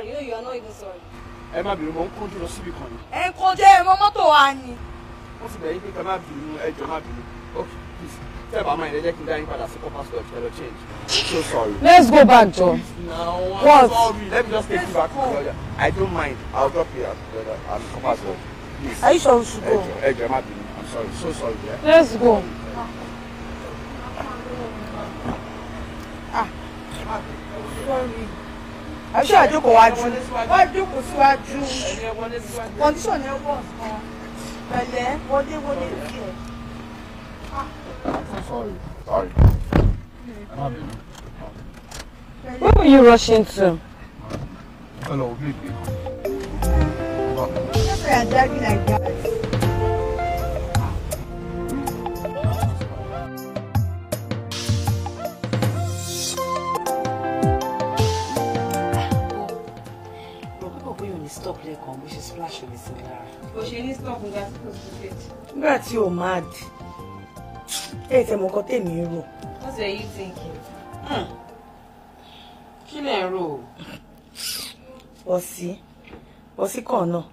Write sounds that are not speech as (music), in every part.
sorry. You know you are not Ẹ má bínú, mo ń kánjú lọ síbi kan ni. Ẹ ń ẹ mọ mọ́tò wa ni. Wọ́n fi bẹ̀rẹ̀ pé ká má bínú, ẹ jọ̀ọ́ má bínú. Okay, please. Tẹ́ bàá máa ń lẹ́jẹ́ kí n dá yín padà sí Compass ẹ lọ change. So sorry. Let's go back, John. What? Let me just take you back to I don't mind. I'll drop you at um, uh, Compass Please. Are you sure we should go? Ẹ má bínú. I'm sorry. So sorry. Yeah. Let's go. Ah. ah. Sorry àṣọ àjókòó wájú wọ́n jókòó síwájú kọ́ndíṣọ̀n yẹn wọ̀ nǹkan pẹ̀lẹ́ wọlé wọlé ìfẹ́. Sorry, sorry. Where were you rushing to? Hello, baby. Yes, I like that. stop lẹ́kọ̀ọ́ bó ṣe splash omi sí lára. bó ṣe ní stop nígbà tí kò sí fèsì. nígbà tí o máa dì ẹ tẹ mọ nǹkan tèmi ń rò. what were you thinking? Hmm. kí lẹ̀ ń rò? ọ̀sí ọ̀sí kan náà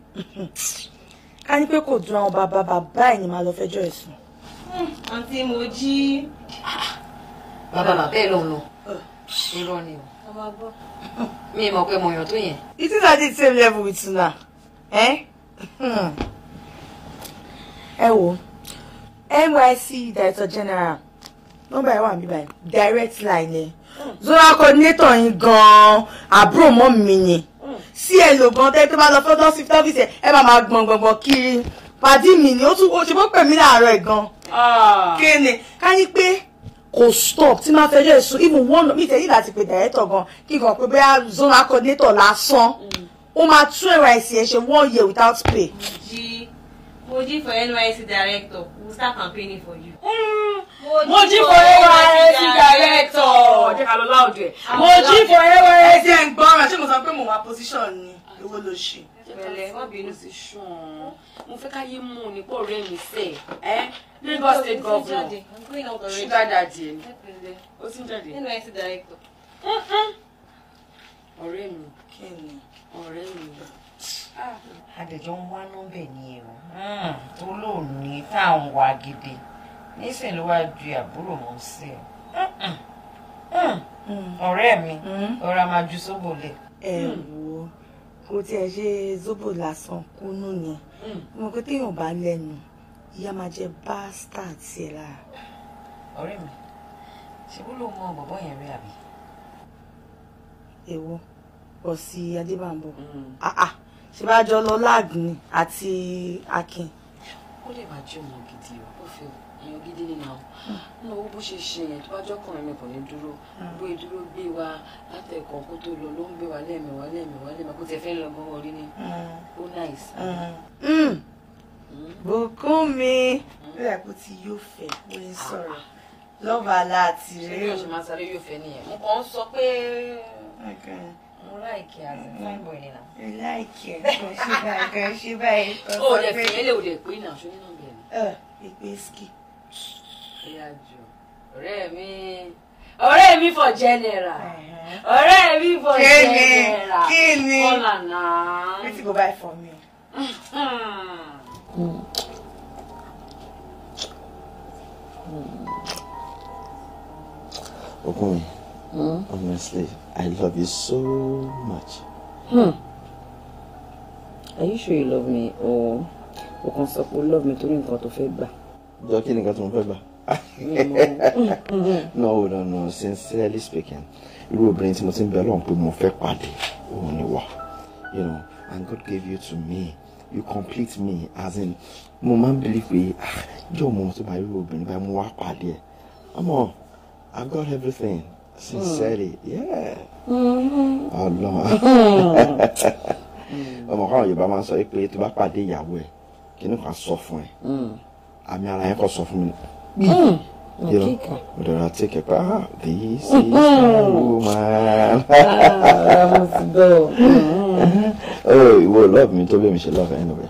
ká ní pé kò dùn àwọn bàbá bàbá ẹ̀ ni màá lọ fẹjọ́ ẹ̀ sùn. Hmm, àǹtí mo jí. Ah, bàbá bàbá ẹ̀ lọ́nà irọ́ ni o mi mọ̀ pé mo yàn tó yẹn. it is at the same level with una ẹ ẹ wo NYC director general nọ́mbà ẹ wà mí báyìí direct line ni zonal coordinator yín gan-an àbúrò mọ́ mi ni sí ẹ lò gan tẹ́ tó bá lọ fọ́dọ́ sí tọ́fíìsì ẹ bá máa gbọ̀n gbọ̀n gbọ̀n kiri pàdí mi ni ó tún ṣe bó pè mí láàárọ̀ ẹ̀ gan. Ah. kí ni ká ní pé kò stop tí máa fẹjọ́ ẹ̀sùn even one mi tẹ̀lé láti pè director gan kí gan pé bóyá zonal coordinator lásán ó máa tún ẹ̀rọ àìsí ẹ̀ ṣe one year without pay. Moji Moji for NYC director we start campaigning for you. Hmm. Moji for NYC director jẹ́ ká lọ láòdù ẹ̀ Moji for NYC ẹ̀ ń gbọ́ràn ṣé mo sọ pé mo wà position ni owó ló ṣe pẹ̀lẹ́ má bínú sí ṣùn mo fẹ́ ká yé mú un nípò ọ̀rẹ́ mi sẹ̀ ẹ́ Lagos state governor sugar daddy ẹ̀ ó ti ń jáde ọ̀rẹ́ mi ọ̀rẹ́ mi àdèjọ ah. ń wá nọ́mbẹ̀ ni ẹ o tó hmm, lóòní tá à ń gidi nísìnyí ló wá ju àbúrò mọ́ sí ọ hmm. hmm. ọ̀rẹ́ mi ọ̀rọ̀ àmàjù sóbò lẹ̀. ẹ wo kò tiẹ̀ ṣe zobo lásán kúnú ni hmm. mo kò téèyàn bá lẹ́nu ìyá máa jẹ pásítà tiẹ̀ lára. ọ̀rẹ́ mi ṣebú ló mọ bọ̀bọ̀ yẹn rí àbí. èwo ọ̀sì adébànbọ̀ àà hmm. ah, ah. ṣe bá jọ lọ láàgùn àti akin. ó lè máa jẹ́ ọmọ gidi o gidi nìyà o nínú owó bó ṣe ṣe yẹn tó bá jọkùnrin mi kò ní dúró hmm. bóyá dúró gbé wa látẹ̀kọ́ kó tó lọ ló ń gbé wa lẹ́ẹ̀mẹ̀wá lẹ́ẹ̀mẹ̀wá lẹ́ẹ̀mẹ̀wá kó tiẹ̀ fẹ́ lọ gbọ́n orí ni hmm. ó náìsì. Hmm. bùkún mi bẹ́ẹ̀ kó ti yóò fẹ́ ló ń ah. sọ̀rọ̀ lọ́ba láti rèé. ṣé ṣe máa sáré yóò fẹ́ nìyẹn mo kàn ń sọ pé like as a fine boy nina. You like it. Go she buy, go she buy. Oh, the family will be queen now. Show me number. Uh, it ọ̀rẹ́ mi ọ̀rẹ́ mi for general ọ̀rẹ́ mi for general kí ni wetin go buy for me. Mm. Mm-hmm. Mm. Mm-hmm. Okumi, mm? Mm-hmm. honestly, I love you so much. Hmm. Are you sure you love me or o kàn sọ pé o love me torí nǹkan tó fẹ́ gbà? Jọ kí ni nǹkan tó mo fẹ́ gbà? (laughs) no no no sincerely speaking irú obìnrin tí mo ti ń bẹ lọ́hùn pé mo fẹ́ pàdé òun ni wà you know and God gave you to me you complete me as in mo máa ń believe pé jọ̀ọ́ mo ti máa irú obìnrin báyìí mo wá pàdé ẹ̀ àmọ́ I got everything sincerely yeah mm-hmm. ọlọ́run mm-hmm. ọmọ káwọn Yorùbá máa ń sọ pé tó bá pàdé ìyàwó ẹ̀ kí ni kò sọ fún ẹ mm. àmì ara yẹn kò sọ fún mi. Mm. Mm. mm. You know, but then I take a bath. Mm-hmm. This is my mm-hmm. woman. Ah, (laughs) oh, you will love me. Toby, me should love her anyway.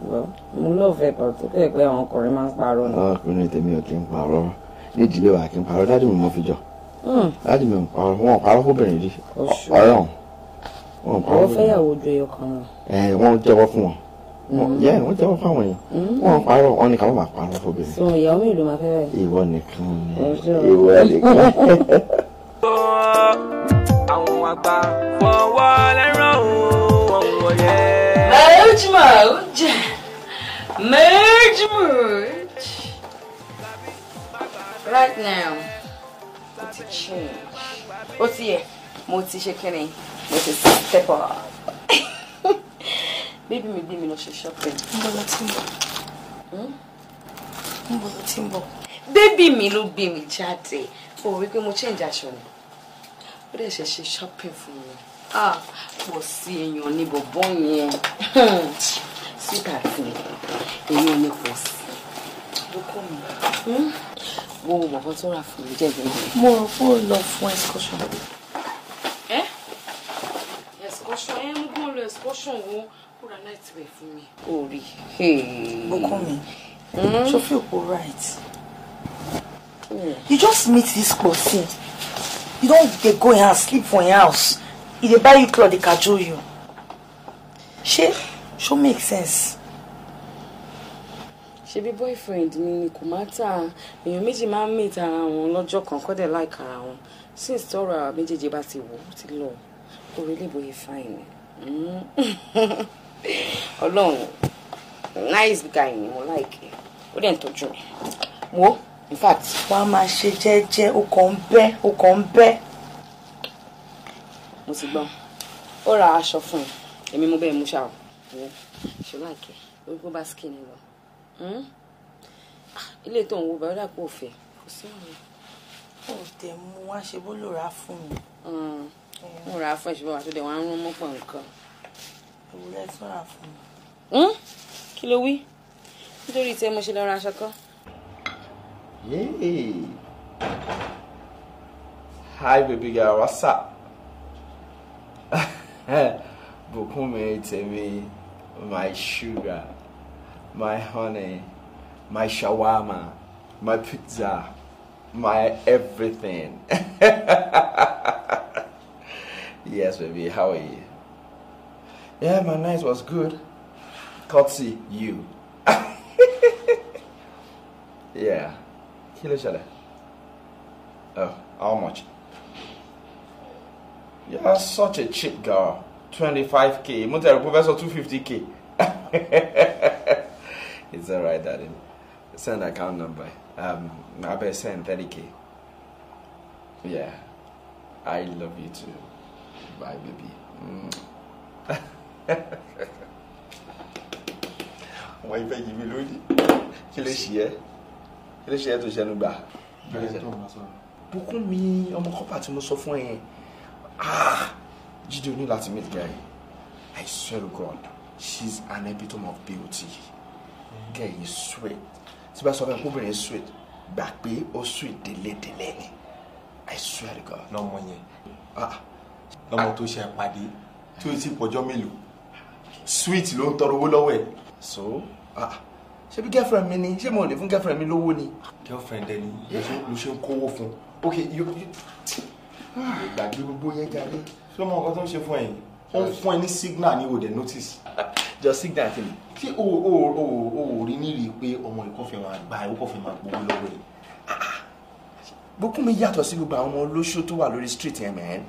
Well, mo love her, but okay, pé àwọn on máa ń parọ́ ni. Ah, ọkùnrin tèmi ò kí ń parọ́. Ní ìdílé a kí ń parọ́, dáàdì mi mo fi jọ. Mm. Dáàdì mi parọ́, wọn ò parọ́ fóbìnrin rí. Ọ̀rọ̀ wọn ò parọ́ fóbìnrin. Àwọn fẹ́yàwó ju ẹyọ kan lọ. Eh, Mm. yẹ wọn jẹ́wọ́ fáwọn yẹn mm. wọn parọ́ wọn nìkan wọn máa parọ́ fóbìnrin. sọ ìyàwó mi ló máa fẹ́ rẹ̀. ìwọ nìkan ìwọ nìkan. (laughs) àwọn àgbà fọwọ́ lẹ́rọ̀ wọn wọ̀nyẹ. marriage marriage marriage marriage right now ó ti change ó ti yẹ mo ti ṣe kí ni mo ti step up. (laughs) bébí mi gbé mi lọ ṣe shopping. ń bọ̀ lọ tí ń bọ̀. Hmm? ń bọ̀ lọ tí ń bọ̀. bébí mi ló gbé mi jáde o rí pé mo change aṣọ ni ó dẹ̀ ṣe ṣe shopping fún mi pọ̀ ah, (laughs) sí èèyàn ní bọ̀bọ́ yẹn síta hmm? sí èèyàn ní pọ̀ sí. gbogbo bọ̀bọ́ tó rà fún mi jẹ́jẹ́ náà. mo rò pé ó lọ fún excursion. ẹ eh? excursion ẹ eh, ń gbọ́n lo excursion wo kó ra light rẹ̀ fún mi. orí Bùkúnmi ṣó fi òpó right hmm. you just meet this person you don dey go your house sleep for your house e dey buy you cloth dey cajole you ṣé ṣó make sense ṣebí boyfriend mi ni kò má tà èèyàn méjì máa ń mìta ara wọn lọ́jọ́ kan kọ́dẹ̀ láìka ara wọn since tọrọ àwọn méjèèjì bá ti wò ó ti lọ orílẹ̀-èdè yìí fine. ni ọlọ́run nice guy ni mo like ó dẹ̀ ń tọ́jú mi wo in fact. wà á máa ṣe jẹ́jẹ́ ó kàn ń bẹ́ ó kàn ń bẹ́. mo ti gbọ́ ó ra aṣọ fún mi èmi mo bẹ́ẹ̀ mú ṣáà wo ṣe láìkẹ́ orí kó bá skin lọ hmm? ah, ilé tó ń wo bàbá dàpọ̀ òfẹ́ kò sí òun. ó tẹ̀ mú wá ṣe bó ló rà fún mi. mo rà á fún ẹ̀ṣẹ̀ bàbá tó dẹ̀ wá ń rún mọ́pọ̀ nǹkan òwúrẹ́ tó rà fún mi. Hmm? kí ló wí nítorí tí mo ṣe lọ ra aṣọ kọ́. hi baby girl what's up (laughs) Bùkúnmi tèmi my sugar my honey my shawarma my pizza my everything (laughs) yes baby how are you. Yeah, my night was good. Courtesy you. (laughs) yeah. Kilo shall Oh, how much? You're yeah, such a cheap girl. 25k. Montero Professor 250k. it's alright, darling. Send account number. Um, I better send 30k. Yeah. I love you too. Bye, baby. Mm. (laughs) wọ́n ìfẹ́ yìí mi lódì kí ló ṣe ẹ́ kí ló ṣe ẹ́ tó ṣẹnu gbà. bùkún mi ọmọ kọ́pà tí mo sọ fún ẹ yẹn ah! jíde o ní láti meet girl I swear to God she's an epitome of beauty girl yìí sweet tí bá sọ fún ẹ kóbìnrin sweet gbà pé ó sweet délédélé ni I swear to God. lọmọ yẹn ah! lọmọ tó ṣe pàdé tí o ti pọjọ mélòó sweet ló ń tọrọ owó lọ́wọ́ ẹ̀. so ah ṣé bí girlfriend mi ni ṣé mo lè fún girlfriend mi lówó ni. girlfriend ẹ ni ló ṣe ń kówó fún ok yóò ah, gbàgbé gbogbo yẹn jáde ṣé mo nǹkan tó ń ṣe fún ẹ̀yin ó ń fún ẹ ní signal ní òde notice (laughs) jọ signal ti mi tí o o o o rí nírì pé ọmọ ìkọ́ fi máa gba ìkọ́ fi máa gbowó lọ́wọ́ ẹ̀ Bùkúnmi yàtọ̀ sí gbogbo àwọn ọmọ olóṣó tó wà lórí street yẹn mẹ́rin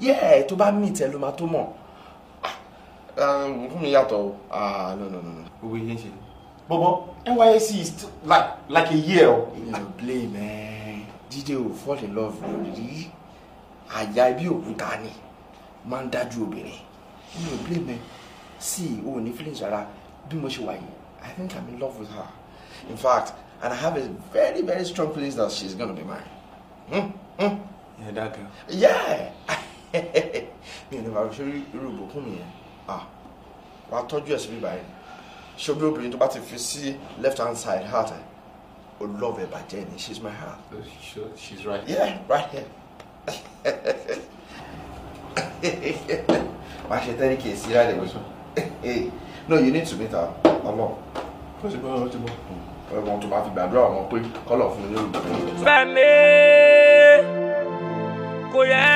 yẹ́ẹ̀ tó bá mìtẹ́ ló máa tó mọ̀ Um, mi yàtọ̀ o ah no no no no gbogbo yẹn ṣe. bọ́bọ́ NYSC is still like like a year you no play man DJ o fall in love lórí àyà ibi òkúta ni Man, ń dájú obìnrin you no play man see o ní feelings rárá bí mo ṣe wà yìí I think I'm in love with her in fact and I have a very very strong feeling that she's gonna be mine. Hmm hmm. Yeah, that girl. Yeah. (laughs) mi ò the bàbá ṣe rí irú ìbùkún ah wàá tọ́jú ẹ̀ síbí báyìí ṣé obi obìnrin tó bá ti fi sí left hand side heart ẹ̀ o love ẹ̀ bàjẹ́ ni she's my heart. Oh, sure she's right here. yeah right here. wàá (laughs) ṣe tẹ́lẹ̀ kì í sí ráàlì wọ́n sọ no you need to meet her ọmọ. ó ti bọ́ ó ti bọ́. ọmọ tó bá fi gbàdúrà ọmọ pé kọ́lọ̀ fún mi ní olùkọ́. fẹ́mi kò yẹ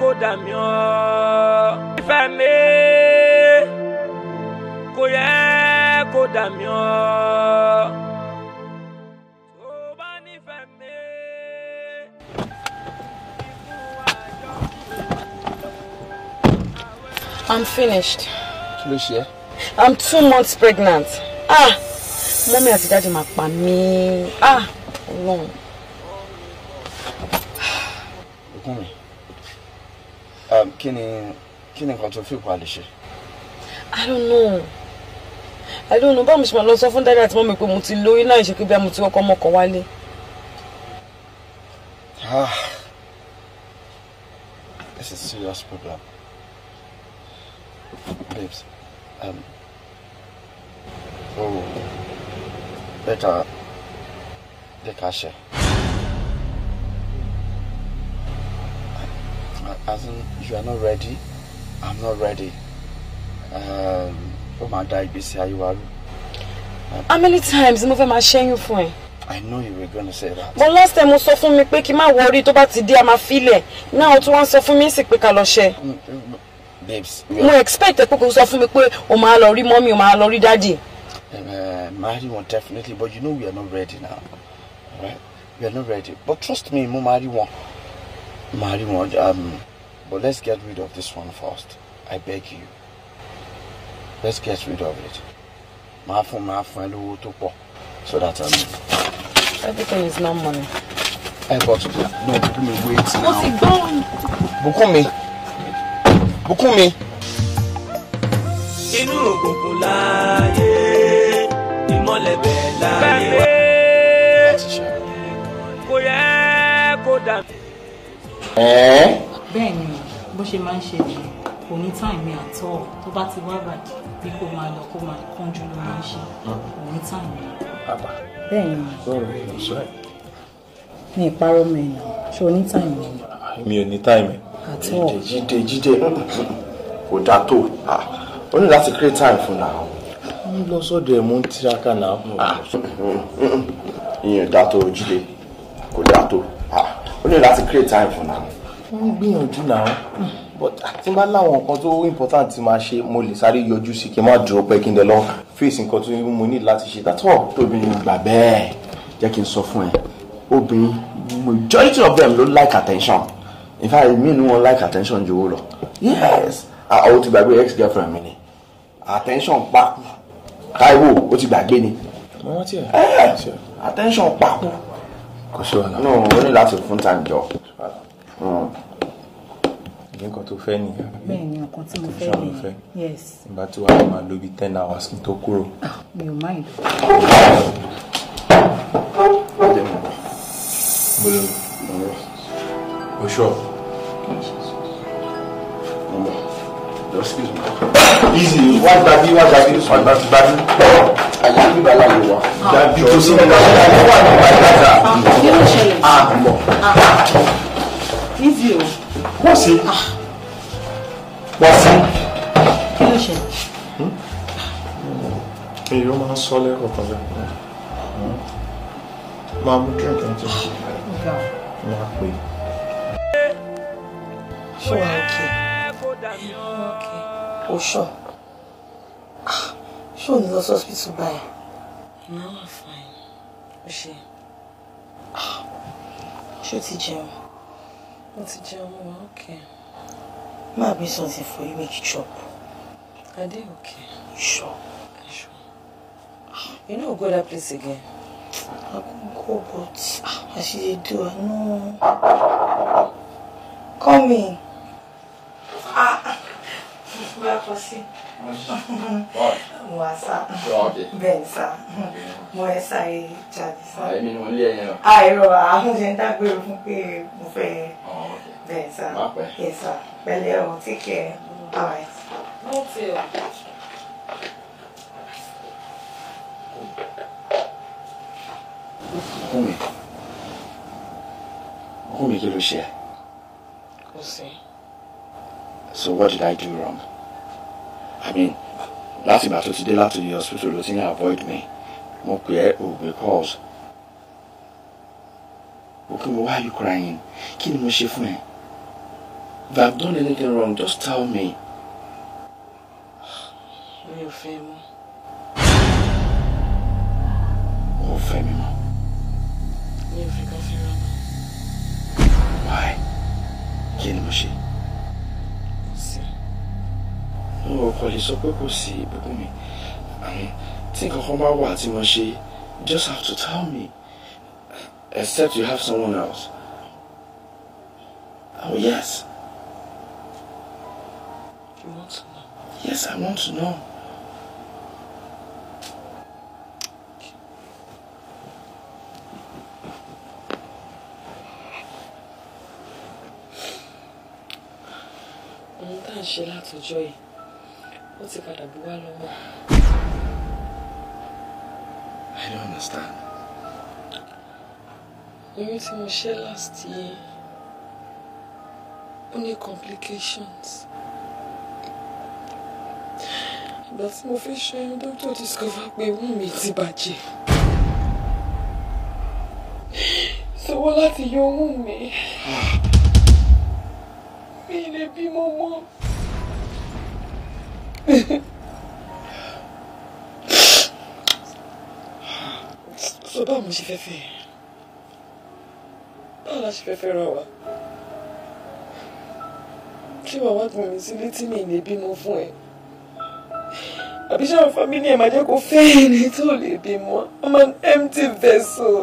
kó dà mí ọ́ fẹ́mi kò yẹ kó dà I'm finished. kí I'm two months pregnant. ah mommy has dáàdì máa pa mí. ah ọlọ́run. òkú mi um, kí ni kí ni nǹkan tó fi pa lè ṣe. I don't know àìlú ònú báwo ṣe máa lọ sọ fún dáadáa àti mọ́mi pé mo ti lóyún náà ṣe pé bí a mo ti kọ́kọ́ mọ́kọ wálé. Ah, this is a serious problem. Babes, um, oh, better, the cashier. As in, you are not ready, I'm not ready. Um, ó máa da ìgbésí ayé wa rú. how many times mo fẹ́ máa ṣẹ́yún fún ẹ. I know you were gonna say that. But last time mo sọ fún mi pé kí n má wọrí tó bá ti dé a máa filẹ̀ náà o tún wá ń sọ fún mi sì pé ká lọ ṣe. Mm, mm, mo expect pé kò sọ fún mi pé o máa lọ rí mọ́mí o máa lọ rí dáàdì. Marry um, uh, one definitely but you know we are not ready now. Right? We are not ready but trust me mo marry one. Marry one um, but let's get rid of this one first. I beg you let's get rid of it My phone, my phone, ẹ lówó tó pọ̀ so that um. everything is not money. ẹ bọ tó no me wait now. mo ti gbọ́. me. Bùkúnmi. me. òkùnkùn láàyè ìmọ̀lẹ̀ bẹ́ẹ̀ láàyè wá. kò yẹ kó dà. bẹ́ẹ̀ ni bó ṣe máa ń ṣe nìyẹn kò ní táìmì àtọ́ tó bá ti wá bàjẹ́ bí kò máa lọ kó máa kánjú ló máa ń ṣe òun táwọn. bàbá bẹ́ẹ̀ ni sọ̀rọ̀ ẹ̀ sọ ẹ̀. ní ìparọ́ mẹ́rin ṣé o ní táìmù ni. mi ò ní táìmù. àti ọ̀ jíde jíde kò dáa tó o ní láti create time fún náà. mo ń lọ sọ́dọ̀ ẹ̀ mo ń tiraka náà. ìyẹn dáa tó jíde kò dáa tó o ní láti create time fún náà. wọ́n ń gbìyànjú náà but àti ah, bá láwọn nǹkan tó important ti máa ṣe mo lè sáré yọjú sí kí n má dúró pé kí n dẹ lọ fèsì nǹkan tó mo ní láti ṣe tàtọ. obìnrin gbà bẹ́ẹ̀ jẹ́ kí n sọ fún ẹ obìnrin majority of them ló like attention in fact mi ni wọn like attention ju owó lọ yes àwọn ah, ti gbàgbé ex girlfriend mi ni attention paku Táíwò ó ti gbàgbé ni eh, attention paku kò sí wàhálà no o ní láti fún tàǹjọ nǹkan tó fẹ́ ni. bẹ́ẹ̀ ni nǹkan tí mo fẹ́ ni yes. ìgbà tí wàá máa lo bíi ten hours tó kúrò. Ah, mi ò máa ìlú. mo lọ o sure. Excuse me. Easy. Wá gbàbí wá gbàbí wá gbàbí gbàbí. Àyà ń bíbá láàyè wa. Gbàbí tó sí nígbà tó wà nígbà tó ah, wà. Kí ló ṣẹlẹ̀? Àbọ̀. Ah, easy o wọ́n sí wọ́n sí. kí ló ṣe. Hmm? èyí ó máa ń sọ lẹ́kọ̀ọ́ kan hmm? máa mú drink and tea máa pè. ṣé wàá kí o ṣọ ah, ṣé o ní lọ sí báyìí. now i'm fine. Ah, ṣé o ti jẹun. What's ti jẹun, okay. Ma be something for you, make it chop. Are they okay. You sure? I sure. You know go that place again? I go go, but I you dey do, I know. Come in. Ah, where for see? Mwasa. Bẹ́ẹ̀ sá. Mo ẹ sáré jáde sá. Àìmínú ilé ẹ̀yẹn. Àìrọ̀ àwọn oúnjẹ ń dágbére fún pé mo fẹ́ bẹ́ẹ̀ sá Yes, sir. pẹ̀lẹ́ ọ̀ Take care. ẹ̀ all right. mo ti o. Kúmi, Kúmi kí ló ṣe ẹ́? Kò sí. So what did I do wrong? I mean, last ìgbà tó ti dé láti the hospital ló ti avoid me. Mo pè ẹ́ Okay, why are you crying? Kí ni mo ṣe If I've done anything wrong, just tell me. Mi ò fẹ́ mọ́. O ò fẹ́ mi mọ́. Mi ò fẹ́ ká fẹ́ra mọ́. Why? Kí ni mo ṣe? Kò sí. Ó ọkọ lè sọ pé kò sí ìbùkún mi. Tí nǹkan kan bá wà tí mo just have to tell me. Except you have someone else. Oh yes. You want to know? Yes, I want to know. Ohun tá à ń ṣe látọjọ́ yìí, ó ti padà bú wá lọ́wọ́. I don't understand. Oyún tí mo ṣe last year, ó ní complications ìgbà tí mo fẹ́ ṣe doctor discover pé wọ́n mi ti bàjẹ́ sọwọ́ láti yọ ohun mi mi lè bímọ mọ́. sọ bá mo ṣe fẹ́ fẹ́ báwo la ṣe fẹ́ fẹ́ ra wa ṣé gbọ̀n mi sílé tí mi lè bímọ fún ẹ àbí ṣáà fámílì ẹ̀ máa jẹ́ kó fẹ́ ẹni tó lè bímọ an empty vessel.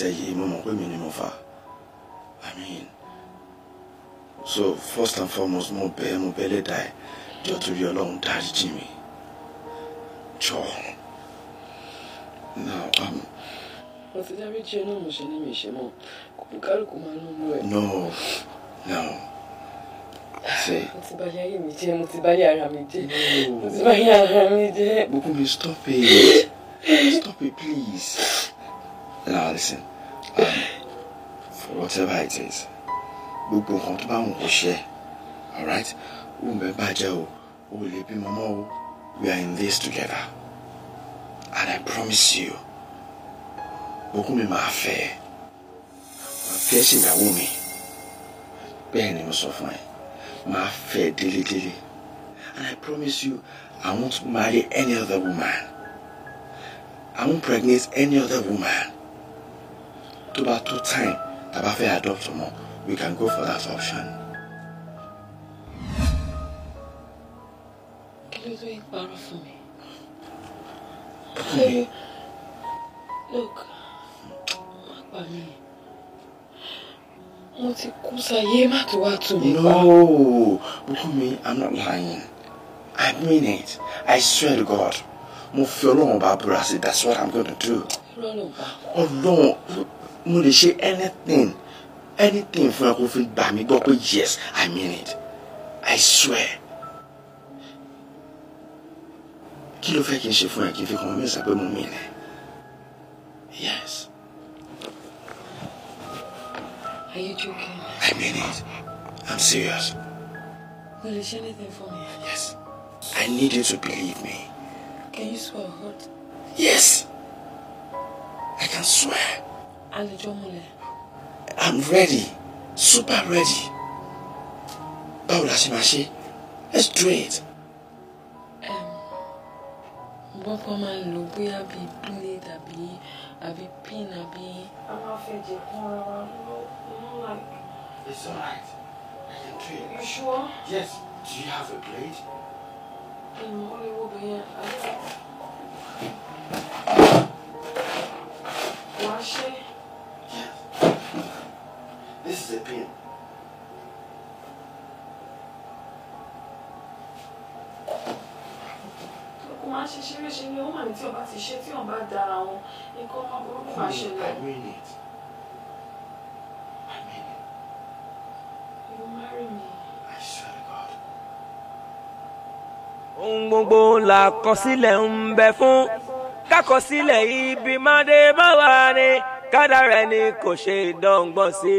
ìgbésẹ̀ yìí mo mọ̀ pé mi ni mo fà i mean so first and foremost mo bẹ̀ mo bẹ̀ lẹ́dà ẹ̀ jọ torí ọlọ́run dáríjì mi jọ now um. mo ti dáríjì ẹ náà mo ṣe ní mi ṣe mọ kò kálukú máa ń lọ ẹ. no no say. No. No. balẹ̀ ayé mi jẹ́ mo ti balẹ̀ ara mi jẹ́ mo ti balẹ̀ ara mi jẹ́. Bùkúnmi stop it (laughs) stop it please. now listen Ah, for whatever it is gbogbo nǹkan tó bá wù kó ṣe alright ó mẹ bàjẹ́ o ó lè bímọ mọ́ o we are in this together and I promise you gbogbo mi máa fẹ́ ẹ máa fẹ́ ṣèyàwó mi bẹ́ẹ̀ ni mo sọ fún ẹ máa fẹ́ délédélé and I promise you I won't marry any other woman I won't pregnant any other woman tó two time tá a bá fẹ́ adopt ọmọ we can go for that option. kí ló tó yẹ parọ́ fún mi. ṣé look má pa mí mo ti kú sáyé má tó wá tù mí pa. no Bùkúnmi i'm not lying i mean it i swear to god mo fi ọlọ́run bá búra sí that's what i'm gonna do. ọlọ́run bá. ọlọ́run mo lè ṣe anything anything fún ẹ kó fi gbà mí gbọ́ pé yes i mean it i swear. kí ló fẹ́ kí n ṣe fún ẹ kí n fi kàn mí sàpé mo mí ni yes. are you joking? i mean it i'm serious. will you share anything for me? yes i need you to believe me. can you swear what? yes i can swear. I'm ready super ready báwo la ṣe máa ṣe let's do it. gbọ́kọ́ máa ń lo bóyá bíi blade àbí àbí pin àbí. a máa fẹ́ jẹ kún ara wa lọ́wọ́ like. it's I can do it. you sure? yes do you have a blade? ìmọ̀ ó lè wo bẹ̀yẹn wàá ṣe é. This is a pain. I mean it. I mean it. You marry me. I swear God. ohun gbogbo la kọsílẹ̀ ń bẹ fún kákọsílẹ̀ ibi máa dé bá wa ni kádàrá ẹni kò ṣe dọ́ngbọ́n sí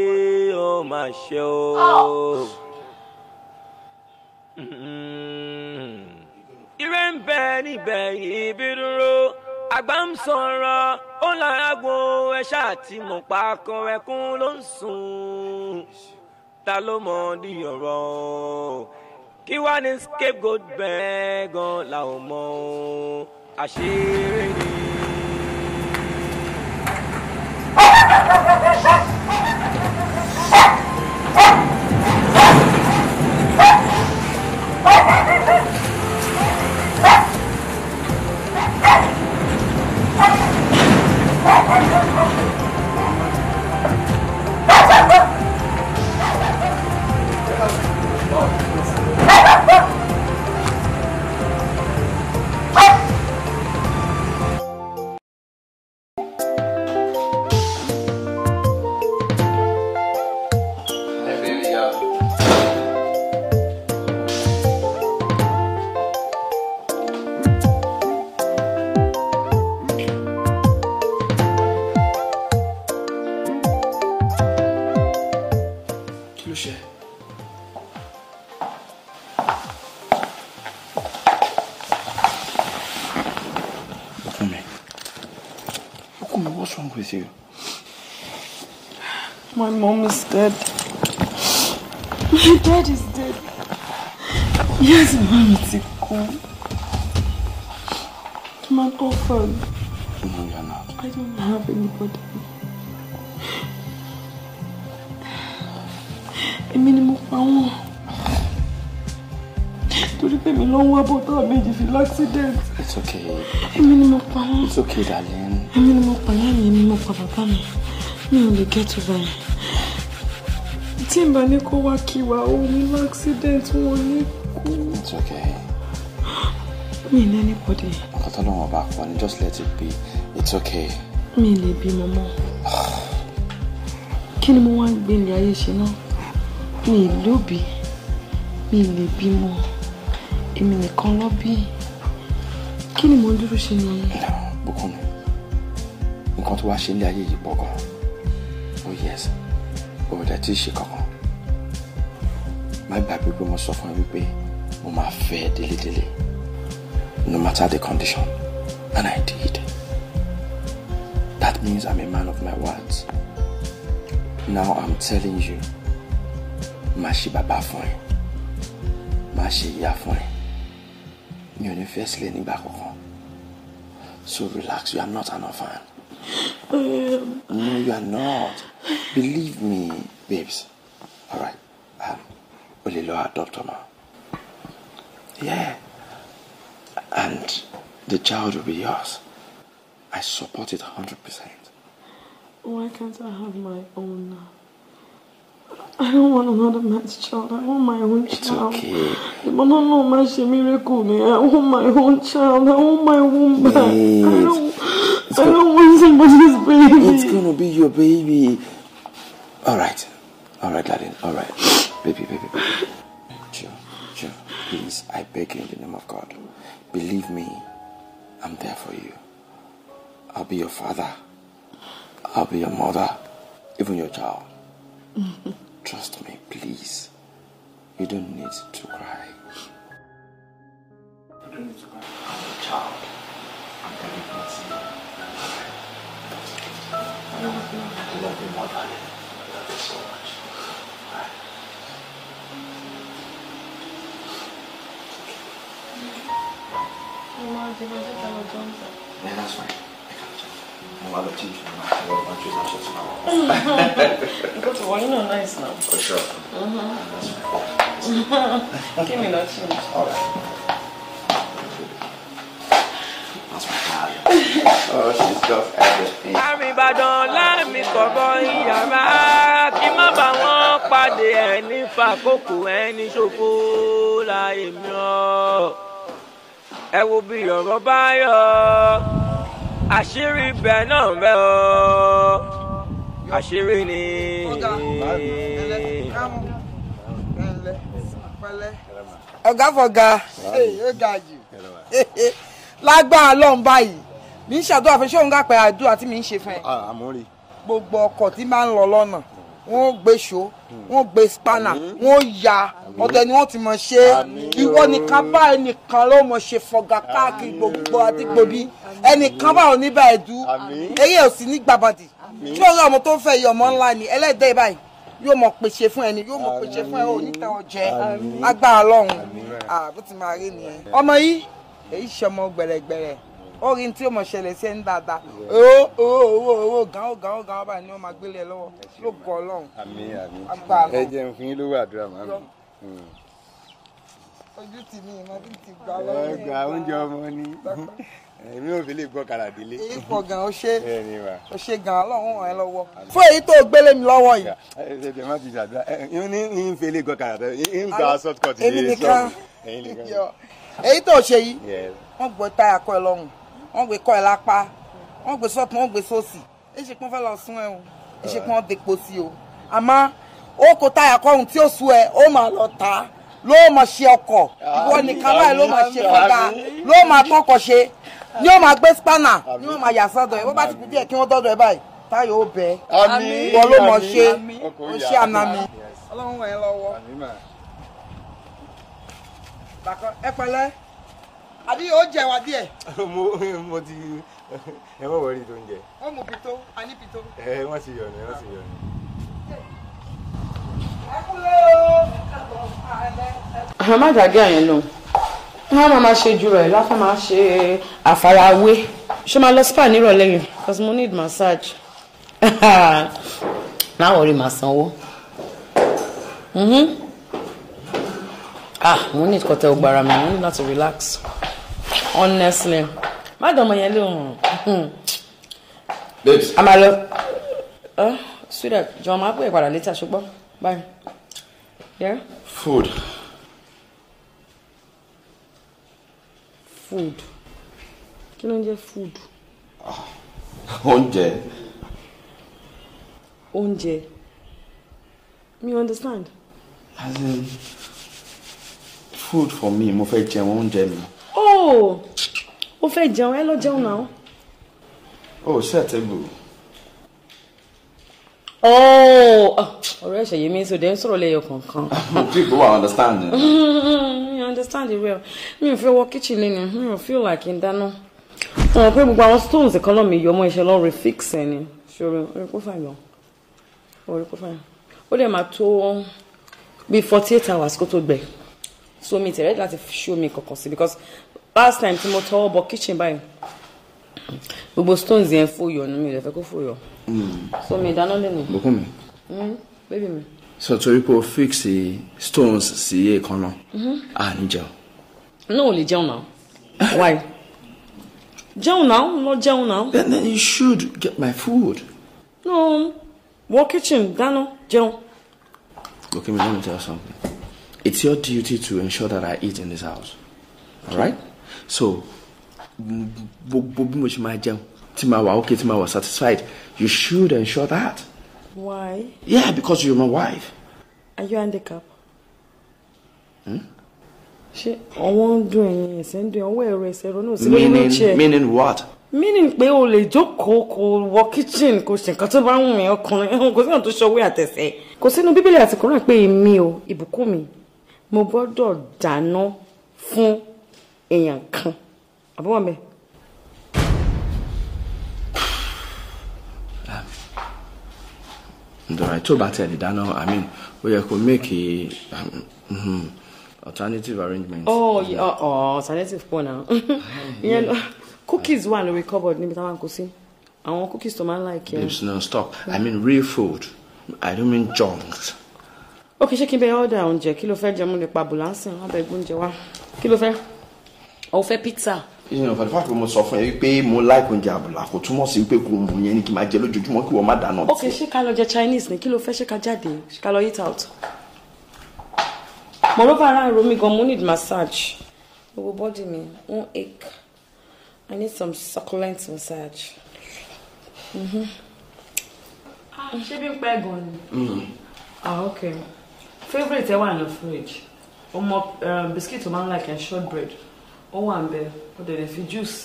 ó máa ṣe o. ire ń bẹ níbẹ̀ ibi dúró àgbà ń sọ̀rọ̀ ó lára gbo ẹ̀ṣá àti mọ̀pá akọrẹ́kún ló ń sùn ta ló mọ̀ ní ọ̀rọ̀ kí wàá ní scapegoat bẹ́ẹ̀ gan la ò mọ̀ o àṣírí ni. Ha ha ha! méjì fi l'accident. it's okay. èmi ni mo pa wọn. it's okay darling. èmi ni mo pa yẹn mi ni mo pa bàbá mi mi ò lè get over yẹn. tí n bá ní kó wá kí wa ó ní l'accident wọn ní kú. it's okay. mi ní anybody. ọkọ tó lọ́wọ́ bá pọ̀ ni just let it be it's okay. mi lè bímọ mọ́. kí ni mo wá ń gbé ilé ayé ṣe náà mi ì lóbi mi ì lè bímọ èmi nìkan lọ bí kí ni mo ń dúró ṣe nìyí. Bùkúnmi nǹkan tó wá ṣe ilé ayé yìí pọ̀ gan oh yes òòdà tí ì ṣe kankan má gbàgbé pé mo sọ fún ẹ wípé mo máa fẹ́ ẹ délédélé no matter the condition and I did that means I'm a man of my words now I'm telling you máa ṣe bàbá fún ẹ máa ṣe ìyá fún ẹ. mi ò ní so relax you are not an orphan um. no you are not believe me babes alright um, We'll lè lọ doctor ọmọ yeah and the child will be yours I support it hundred percent. Why can't I have my own now? I don't want another man's child. I want my own it's child. Okay. The no, no my she miracle I want my own child. I want my own back. I don't I don't want somebody's baby. It's gonna be your baby. Alright. Alright, Gladden. Alright. Baby, baby, baby. Chill, chill. Please, I beg you in the name of God. Believe me, I'm there for you. I'll be your father. I'll be your mother. Even your child. Trust me, please. You don't need to cry. don't need to cry. I'm a child. I'm very blessed. I love you. I love you more than I love you so much. Right. Yeah, that's fine. mo wá lọ change my mind so I choose aṣọ tí mo wọ. nǹkan tó wọ inú nice now. for sure. Mm-hmm. that's my fault. kí ni lọ change. all right. that's my car. (laughs) oh she's just everything. àrìbàdàn láìmí kọ̀ọ̀kan ìyàrá kí má bà wọ́n pàdé ẹni fàkókò ẹni ṣòfò láì mí ọ́ àṣírí ibẹ̀ náà ń bẹ àṣírí ni. ọ̀gá fọ̀gá lágbára lọ́n báyìí mi ń ṣàdúrà fún ṣóun gàpẹ́ àdúrà tí mi ń ṣe fún ẹ ah, gbogbo ọkọ̀ tí máa ń lọ lọ́nà wọ́n gbé ṣó wọ́n gbé spanner hmm. wọ́n ya ọ̀dọ̀ ni wọ́n ti mọ̀ ṣe ìwọ nìkan bá ẹnìkan ló mọ̀ ṣe fọ̀gà káàkiri gbogbo àdìgbòbí ẹnìkan bá òní bá ẹ̀dú eré ò sí ní gbàbàdì tí ó rí ọmọ tó ń fẹ́ yìí ọmọ ńlá ni ẹlẹ́dẹ̀ báyìí yóò mọ̀ pèsè fún ẹni yóò mọ̀ pèsè fún ẹ ò ní tẹ ọjẹ lágbára lọ́hùn àbó ti máa rí nìyẹn. ọmọ yìí èyí ṣe ọmọ gbẹ̀rẹ̀gbẹ̀rẹ̀ orin tí ó mọ̀ ṣẹlẹ̀ sí ẹni dáadáa owó owó owó owó gánwó gánwó gánwó báyìí ni wọ́n máa gbélé ẹ lọ́wọ́ ló gọ́ ọlọ́run. ẹ jẹun fún yín lówó àdúrà màmí ojú tì mí ìmọ̀ bí ti gbà lọ́wọ́ ẹ̀ gba oúnjẹ ọmọ ni èmi ò fi lè gbọ́ kàrà délé. èyí pọ̀ gan ó ṣe ó ṣe gan ọlọ́run ràn ẹ́ lọ́wọ́ fún èyí tó gbélé mi lọ́wọ́ yìí. ẹ ẹ ẹ má ti ṣàdúrà ní ní ń fi lè gbọ́ kàrà délé ń gba short cut yìí. èmi nìkan èyí tó ṣe yìí wọ́n gbé táyà kọ́ ẹ lọ́rùn wọ́n gbé kọ́ ẹ lápá wọ́n gbé sọ́tún wọ́n gbé sósì èyí ṣe pé wọ́n fẹ́ lọ sún ẹ o èyí ṣe pé wọ́n dèpò sí o àmọ́ ó kó táyà kọ́ ohun tí ó sú ẹ ó máa lọ tà á ló máa ṣe ọkọ̀ ìwọ nìkan báyìí ló máa ṣe fọ́gà ló máa tọkọ̀ ṣe ni ó máa gbé spanner ni ó máa yà sọ́dọ̀ bó bá ti kú díẹ̀ kí wọ́n dọ́dọ̀ ẹ báyìí táyà ó bẹ ìwọ ló máa ṣe ó ṣe ànàmì. ọlọ́run lọ́wọ́ ẹ àbí jẹ (laughs) àwọn má dàgé àyẹn lọ wọn máa máa ṣe ju rẹ láfa máa ṣe àfarawé ṣé máa lọ spa nírọ̀lẹ́ yìí Cause mo need massage láwọn (laughs) rí màá sanwó mhm. ah mo need kọtẹ ògbàrà mi mo need to relax honestly má dọ̀mọ̀ yẹn lóhùn hmm. babes. àmàlọ́ ah, sweetheart jọ̀ọ́ máa pè é padà létà ṣùgbọ́n. Bye. Yeah? Food. Food. Kí ló ń jẹ́ food? Ah, oúnjẹ. Oúnjẹ. Mi understand. As in, food for me, mo fẹ́ jẹun oúnjẹ mi. Oh! O fẹ́ jẹun, ẹ lọ jẹun náà. Oh, ṣé àtẹ̀gbò. Oh, oh ọ̀rẹ́ ìṣẹ̀yẹ mi sọ̀dẹ̀ ń sọ̀rọ̀ lẹ́yọ kọ̀ọ̀kan. people will understand. you (laughs) understand it well mi ò fẹ́ wọ kitchen lẹ́nu mi ò feel like n dáná. ọ̀rọ̀ pé gbogbo àwọn stones kan lọ́mọ ìyọ ọmọ ìṣẹ́ lọ́ọ́ refix ẹ̀ ni ṣòro orí kó fàyọ orí kó fàyọ ó dẹ̀ máa tó bíi forty eight hours kó tó gbẹ so mi tẹ̀rẹ́ láti ṣí omi kọ̀ọ̀kan sí because last time tí mo tọwọ́ bọ kitchen báyìí gbogbo stones yẹn fòyọ ni mi ò lè fẹ́ kó fòyọ so mi ìdáná lè nù. bùkún mi. Mm, baby mi. So torí pé o fix stones sí èèkàn náà mm-hmm. a ní jẹun. náà ò lè jẹun náà why jẹun náà lọ jẹun náà. then then you should get my food. no wọ kitchen dáná jẹun. bùkún mi let me tell you something it's your duty to ensure that I eat in this house alright so gbogbo bí mo ṣe máa jẹun tí máa wà okay tí máa wà satisfied. You should ensure that. Why? Yeah, because you're my wife. Are you handicapped? Hmm? ṣe ọwọ́ ń dùn ẹ̀yìn ẹ̀sẹ̀ ń dùn ọwọ́ ẹ̀rọ ẹ̀sẹ̀ ẹ̀rọ meaning what? meaning pé o lè jókòó kó wọ kitchen kó ṣe nǹkan tó bá ń wìn ọkùnrin (laughs) kò sínú tó ṣọwé àtẹ̀sẹ̀. kò sínú bíbélì àti kòrán pé èmi o ìbùkún mi mo gbọ́dọ̀ dáná fún èèyàn kan àbúrò mi. ndọ̀rọ̀ tó bá tẹ̀lé dáná i mean ó yẹ kó make a um, mm-hmm, alternative arrangement. oh yeah, oh, oh alternative pọ̀ náà ah, ìyẹn cookies wà lórí cupboard níbi táwọn kò sí àwọn cookies tó máa ń like. babes no stop i mean real food i don't mean junk. ó kì í ṣe kí n bẹ ọ́dà oúnjẹ kí ló fẹ́ jẹ mú nípa bùlánsìn wọn bẹ gbóúnjẹ wá kí ló fẹ́ ó fẹ́ pizza ìyẹn for the fact pé mo sọ fún yẹn wípé mo like oúnjẹ àbùlà kò túmọ̀ sí wípé kò mú yẹn ni kí n máa jẹ lójoojúmọ́ kí wọ́n má dáná. ok ṣé ká lọ jẹ chinese ni kí ló fẹ́ ṣe ká jáde ṣe ká lọ eat out. moreover ara ń ro mi gan mo need massage gbogbo body mi ń ache i need some succulent massage. Mm-hmm. Ah, ṣé bí n pẹ́ gan ni. Mm. ah ok favourite ẹ wà ní fridge ọmọ eh, bisikíìtì máa ń like ẹ shortbread ó wà ń bẹ ó dẹ̀ lè fi juice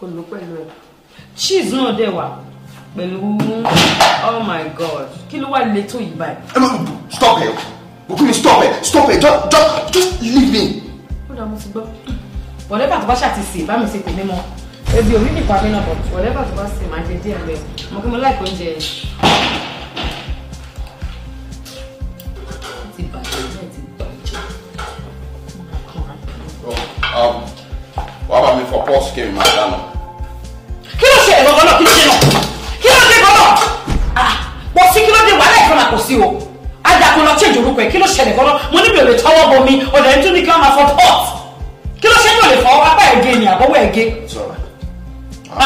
kó lò pẹ̀lú ẹ̀ cheese náà dẹ̀ wà pẹ̀lú oh my god kí ló wà lè tó yìí báyìí. ẹ má stop ẹ òkú mi stop ẹ stop ẹ just just just leave me. ó dàá mo ti gbọ́ whatever tó bá ṣàti sè bá mi ṣe tèmi mọ́ ebi òrí nìkan mi náà bọ̀ whatever tó bá ṣe máa jẹ díẹ̀ bẹ́ẹ̀ mo kí mo láìpẹ́ oúnjẹ ti bàjẹ́. ọkọ mi fọ pọ́ọ̀sì kí mi máa dáná. kí ló ṣe ìrọ̀gbọ́n náà kí ló ṣe náà kí ló dé gbọ́dọ̀ ah, pọ̀ sí kí ló dé wàhálà ìkan àpò sí o ajakun change orúkọ ẹ kí ló ṣẹlẹ̀ gbọ́dọ̀ mo ní bèrè tọwọ́ bọ mi ọ̀dọ̀ ẹni tó ní kí wọ́n máa fọ pọ́ọ̀t kí ló ṣe ní òlè fọwọ́ apá ẹ̀gẹ́ ni àbọ̀wọ́ ẹ̀gẹ́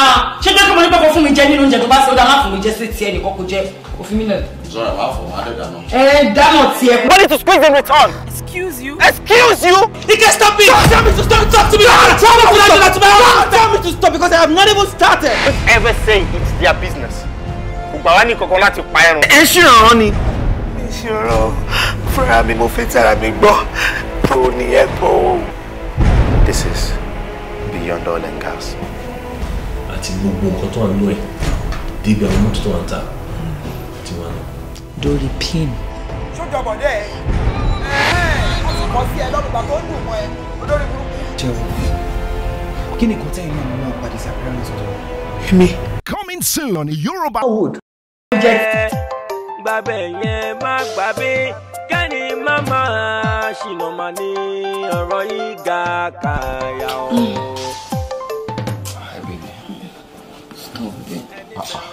ah, ṣé pé kí mo ní pẹ́ kó fún mi jẹ nínú oúnjẹ tó bá ṣe ó dáná fún mi jẹ sí tiẹ̀ nìkan kó jẹ òfin mi lẹ. zọlá wàá fọ wàá dẹ dáná. ẹ dáná to squeeze them with all. excuse you. excuse you. he can't stop me. don't tell me to stop talk to me. don't tell me to stop to my house. don't tell me to stop because I have not even started. don't ever say it's their business. gbogbo àwa ní kankan láti pa ẹrun. ẹ ṣì ràn án ni. ẹ ṣì ràn án fúnra this is beyond all and gas. àti gbogbo nǹkan tó wà nínú ẹ̀ débi àwọn mọ́tò tó wà ń dórí pin. ṣójọbọ dẹ ẹ ẹ àsìkò sí ẹ lọ́dún tó dùn mọ́ ẹ olórí burúkú. jẹ́wọ́ kí ni kò tẹ́ iná àwọn ọ̀pá disappearance ọ̀dọ́ mi. coming soon on Yoruba Wood. gbàbẹ̀ yẹn má gbàbẹ̀ kẹ́ni má máa ṣìnà máa ní ọ̀rọ̀ yìí ga kàyà ọ̀. Hmm. Stop it. Uh-uh.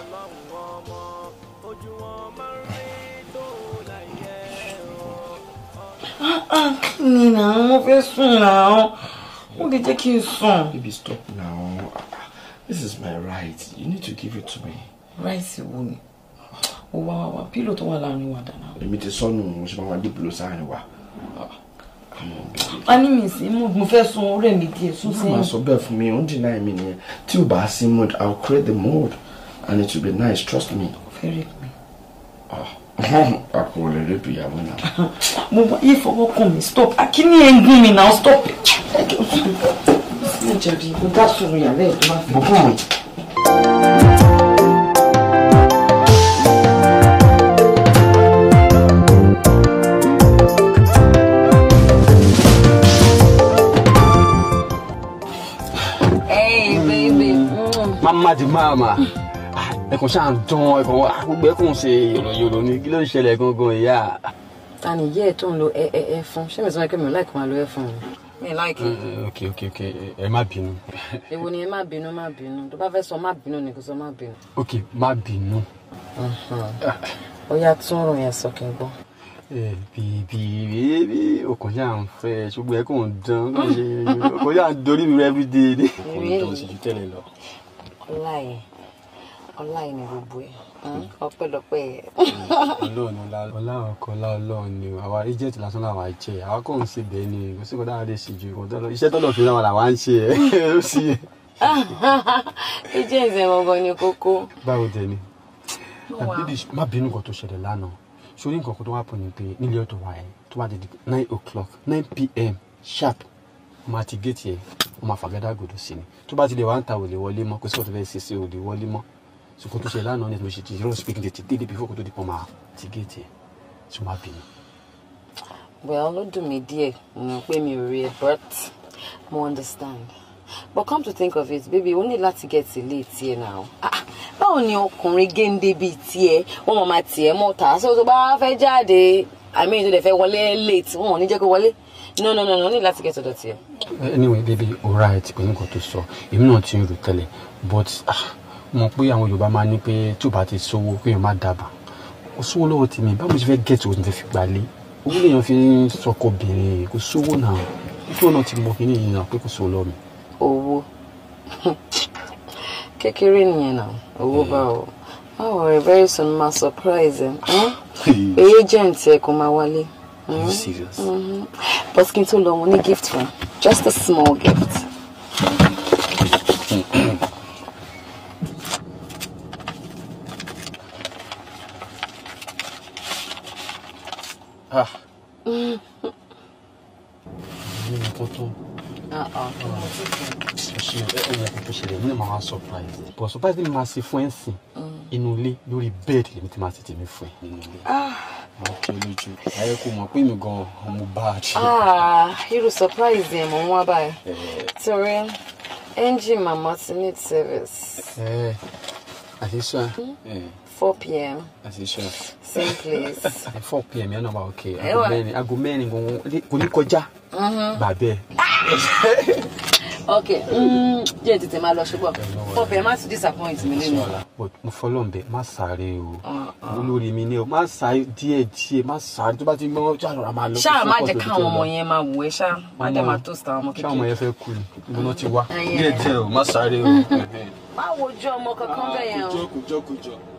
mi náà mo fẹ́ sùn náà ó lè jẹ́ kí baby stop now this is my right you need to give it to me. right wo ni o wow, wa wa pílò tó wà láàrin wa dáná. èmi ti sọnù mo ṣe máa wá dìbò sáàrin a ní mi sí mo fẹ́ sun orí mi díẹ̀ sún sẹ́yìn. màmá sọ bẹ́ẹ̀ fún mi òun deny mi nìyẹn tí o bá sí mood i create the mood and it will be nice trust me. Very good. rẹ̀ ah. pin. (laughs) akọọlẹ rẹ (laughs) bi yàwó náà. mo bá yé fọwọ́ kàn mí stop akíní ẹ̀ ń gún mi náà stop. ẹ jẹ̀bi mo bá sọ̀rọ̀ yàrá ẹ̀ tó Mama di mama. ẹkùn ṣáà ń dán ẹkùn wá ah, gbogbo ẹkùn ṣe yòlòyòlò ni kí ló ń ṣẹlẹ̀ gangan ìyá. ta ni ìyá ẹ tó ń lo ẹ ẹ ẹ fún ṣé mi sọ pé mi ò láì kó máa lo ẹ fún mi mi láìkì. Mm, mm, ok ok ok ẹ má bínú. èwo ni ẹ má bínú má bínú tó bá fẹ́ sọ má bínú ni kò sọ má bínú. ok má bínú. ó yá tún ọ̀rọ̀ yẹn sọ kí n gbọ́ bìbìbì ọkàn yà ń fẹ́ ṣùgbọ́n ẹ ń dán ọkàn yà ń dorí mi rẹ everyday ni. ọkàn yà ń dorí mi ọláyìn ni gbogbo ẹ hmm? ọpẹ́lọpẹ́ ẹ. Hmm. ọlọ́run ọlá ọlá ọkọ ọlá ọlọ́run ni àwa egypt lásán làwa jẹ àwa kò ń ṣe bẹ́ẹ̀ ni kò sí kò dára lè ṣe ju iṣẹ́ tọlọ fi náà làwa ń ṣe ẹ ó sì yẹ. (laughs) agent ẹ gbọngàn ni kókó. báwo tẹ ni àbídì má bínú nǹkan tó ṣẹlẹ̀ lánàá sórí nǹkan kan tó wà pọ̀ ní pé nílé ọ̀tọ̀ wa ẹ̀ tó bá di nine o'clock nine pm sharp máa ti géètì ẹ̀ ó máa fàgádà gòdò sí ni tó bá ti lè wá ń ta òlè wọlé mọ́ kò sí fẹ́ẹ́ ṣe sí òlè wọlé mọ́ sùkò tó ṣe lánàá ní ìlọsí ti rọ́ọ̀sì pé kí n tètè délé bí fọ́kò tó di pọ̀ máa ti géètì ẹ̀ tí wọ́n á bì mí. bóyá ló dùn mí díẹ̀ but mo understand but come to think of it baby o ní láti get here now. náà ah, báwo ni ọkùnrin géńdé bíi tiẹ̀ wọ́n máa tiẹ̀ mọ́ta ṣé o tó bá fẹ́ jáde àmì ìdílé fẹ́ wọlé late wọn ò ní jẹ́ kó wọlé no no no no need láti get ọ̀dọ̀ tiẹ̀. anyway baby alright pẹ̀lú nǹkan tó sọ èmi náà ti ń rò tẹ́lẹ̀ but ah mọ̀ pé àwọn Yorùbá máa ní pé tí o bá ti sówó pé èèyàn má dábàá kò sówó lọ́wọ́ tèmi báwo ṣe fẹ́ gẹ̀ẹ́tì òun ti fi gbà owó lèèyàn fi ń sọkọ obìnrin kò sówó náà fífọ́ náà ti mọ kíní yìí náà pé kò sówó lọ́wọ́ owó (laughs) kékeré nìyẹn náà owó bá o má very soon máa surprise ẹ hmm? (laughs) eré jẹ́ ǹtí ẹ kò máa wálé. you hmm? serious? Hmm. bọ́sìkì tó lọ wọn ní gift fún just a small gift. Ah. ní nǹkan tó ọmọ kò tó ṣẹlẹ̀ ní màá surprise ẹ̀ but surprise ni màá ṣe fún ẹ̀ sìn inú ilé lórí bẹ́ẹ̀dì lèmi ti máa ṣe tèmi fún ẹ̀ nínú ilé ah. mo kí lójú ayé kò mọ̀ pé mi gan mo bá a ṣe. Ah, irú surprise yẹn mò ń wá báyìí eh. torí engine mama ti need service. ẹ eh. àṣìṣe. 4 p.m. Asisha. Same place. 4 p.m. Yana ba okay. Agumeni, agumeni ngongo kunikoja. Mhm. Babe. Okay. Hmm. jẹ́ tètè máa lọ ṣùgbọ́n. 4 p.m. má tún disappoint mi nínú. But mo follow nbe, má sáré o. Uh-uh. Olórí mi ni o, má sáré díẹ̀ díẹ̀, má sáré tó bá ti gbọ́n jà lọ́ra máa lọ. Ṣá má jẹ́ káwọn ma yẹn máa wù ẹ́ ṣá. Má dẹ́ máa toast àwọn ọmọ kékeré. Ṣá ọmọ yẹn fẹ́ kú ni, ìgbóná ti wá. Díẹ̀ díẹ̀ o, má sáré o. Má wojú ọmọ kankan bẹ́yẹn o. Kùjọ kùjọ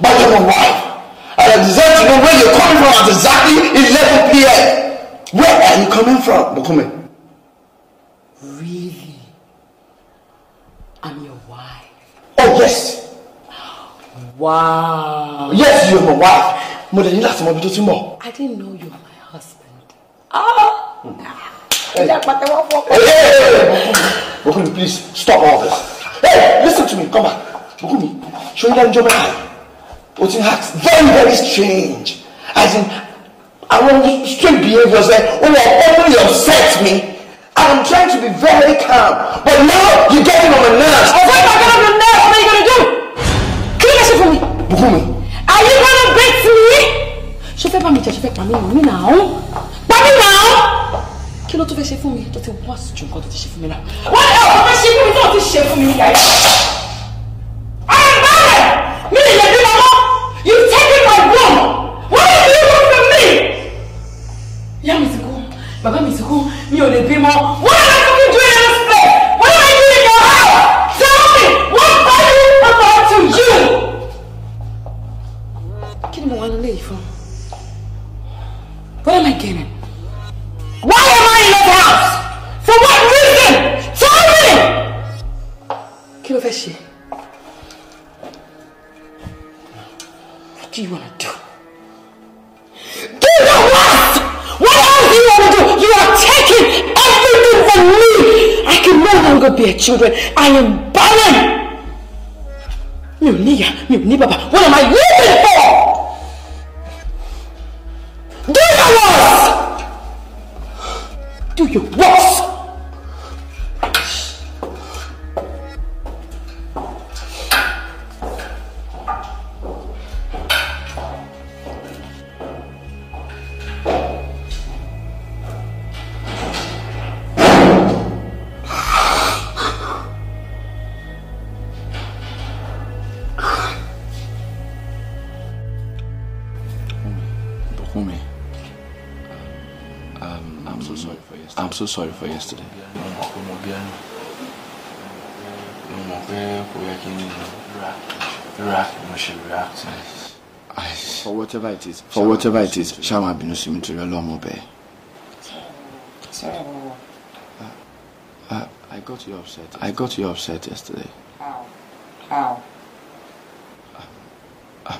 by your wife. And I desire to know where you're coming from at exactly 11 p.m. Where are you coming from, Bukume? Really? I'm your wife? Oh, yes. Wow. Yes, you're my wife. More Mother, you last time I to more. I didn't know you were my husband. Ah! Oh. Hey. Hey. Bukumi, please, stop all this. Hey, listen to me, come on. Bukumi, show you that enjoyment o ti act very very strange as in àwọn strange behaviours ẹ o wọ only upset me and i'm trying to be very calm but now you get on my nerves. ọ̀sẹ̀ ìgbà kan ló ń ná ọmọ ìgbà do? kí ló ṣe fún mi. bùkún mi. are you gonna beat me. ṣé fẹ́ bá mi jẹ́ ṣe fẹ́ pa mí mi nà án pa mí nà án. kí ló tún fẹ́ ṣe fún mi tó ti worse ju nǹkan tó ti ṣe fún mi náà. wọ́n lé ọ̀sán fẹ́ ṣe fún mi tó ti ṣe fún mi nígbà yẹn. ọ̀rẹ́ báyìí mi lè les piments children. I am barren. Mi ò bàbá. What am I living for? Do you want? Do you? worst. so sorry for yesterday. I, for whatever it is, for whatever it is, Shama bin Usim to your lawn obey. I got you upset. I got you upset yesterday. How? How? Um,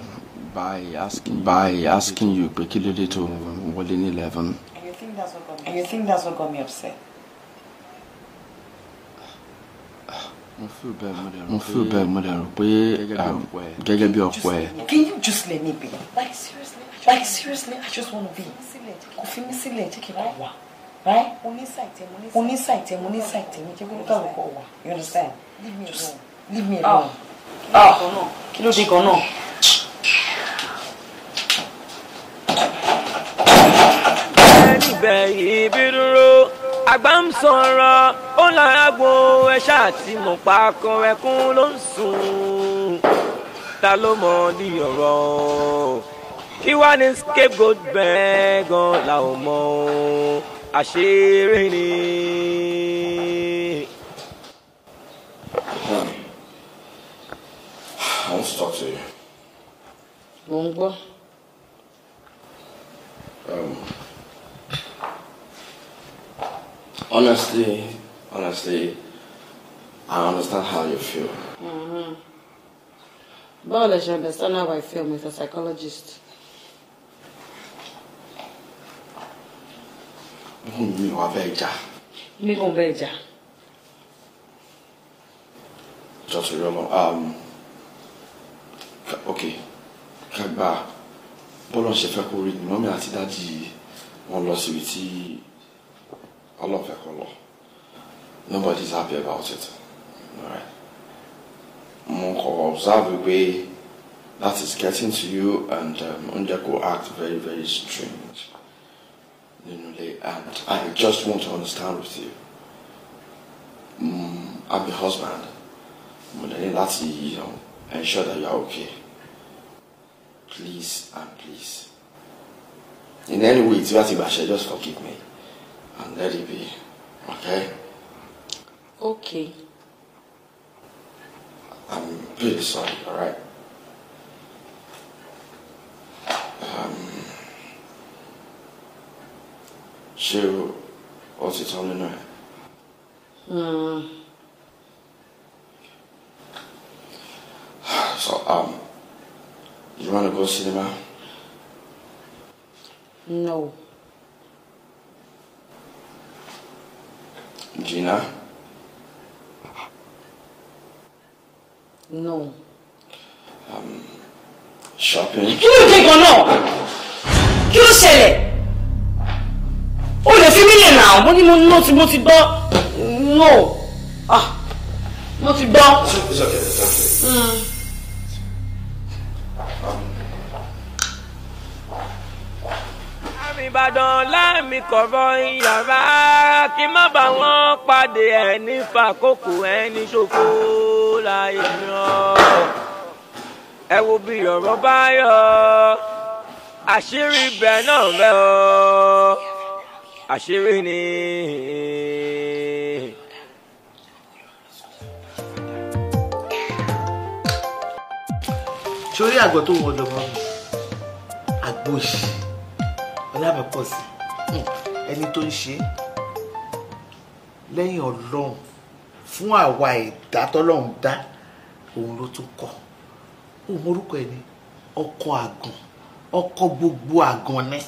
by asking by asking you, particularly to Wallin 11. you think that's what got me upset? mo feel bad mo dẹ̀ rò pé mo feel bad mo dẹ̀ rò pé gẹ́gẹ́ bí can you just let me be like seriously like seriously i just wanna be kò fi mí sílẹ̀ jẹ́ kí n wá right onísàìtẹ́ mo nísàìtẹ́ mi jẹ́ kí n kàwé kọ̀ you understand just leave me alone. kí ló dé gan ibẹ̀ ibi dúró àgbà ń sọ̀rọ̀ ó lára ẹ̀ṣá àti mọ̀pá akọ ẹkún ló ń sùn ta ló mọ̀ ní ọ̀rọ̀ kí wá ní scapegoat bẹ́ẹ̀ gan la ò mọ̀ àṣírí ni. I want to talk to you. Mo ń gbọ́. Um, Honestly, honestly, I understand how you feel. Mm-hmm. But I should understand how I feel, Mr. Psychologist. Mi a bẹ́ẹ̀ jà. Mi kò bẹ́ẹ̀ jà. Just um, okay, kàgbà bọ́lá ṣe fẹ́ kó rí ni mọ́mí àti dáàdi wọn lọ síbi Allah Allah. Nobody's happy about it. Alright. Mo observe way that is getting to you and um will act very, very strange. You know, and I just want to understand with you. Mm, um, I'm the husband. But then that's you know, ensure that you're okay. Please and please. In any way, it's just forgive me and let it be. Okay? Okay. I'm really sorry, alright? Um, ṣé o ti tán nínú ẹ̀? So, um, you wanna go cinema? No. Gina? No. Um, shopping. Kí ló dé gan-an? Kí ló ṣẹlẹ̀? O lè fi mí lè nà, mo ní mo ná tí mo ti gbọ́. No. Ah, mo ti gbọ́. It's okay, it's okay. Mm. Ìbàdàn láàmì kọ̀rọ̀ ìyàrá kí má bà wọ́n pàdé ẹni fàkókò ẹni ṣòfò láyé yan. ẹ wo bí ọ̀rọ̀ bá yọ àṣírí ibẹ̀ náà rẹ̀ ọ́ àṣírí ni. sórí àgọ́ tó wọ ọ̀dọ̀ mọ́ àgbo yìí ọlá mi pọ̀ sí ẹni tó ń ṣe lẹ́yìn ọlọ́run fún àwa ẹ̀dá tọ́lọ́run dá òun ló tún kọ òun orúkọ ẹ̀ ní ọkọ àgàn ọkọ gbogbo àgàn ni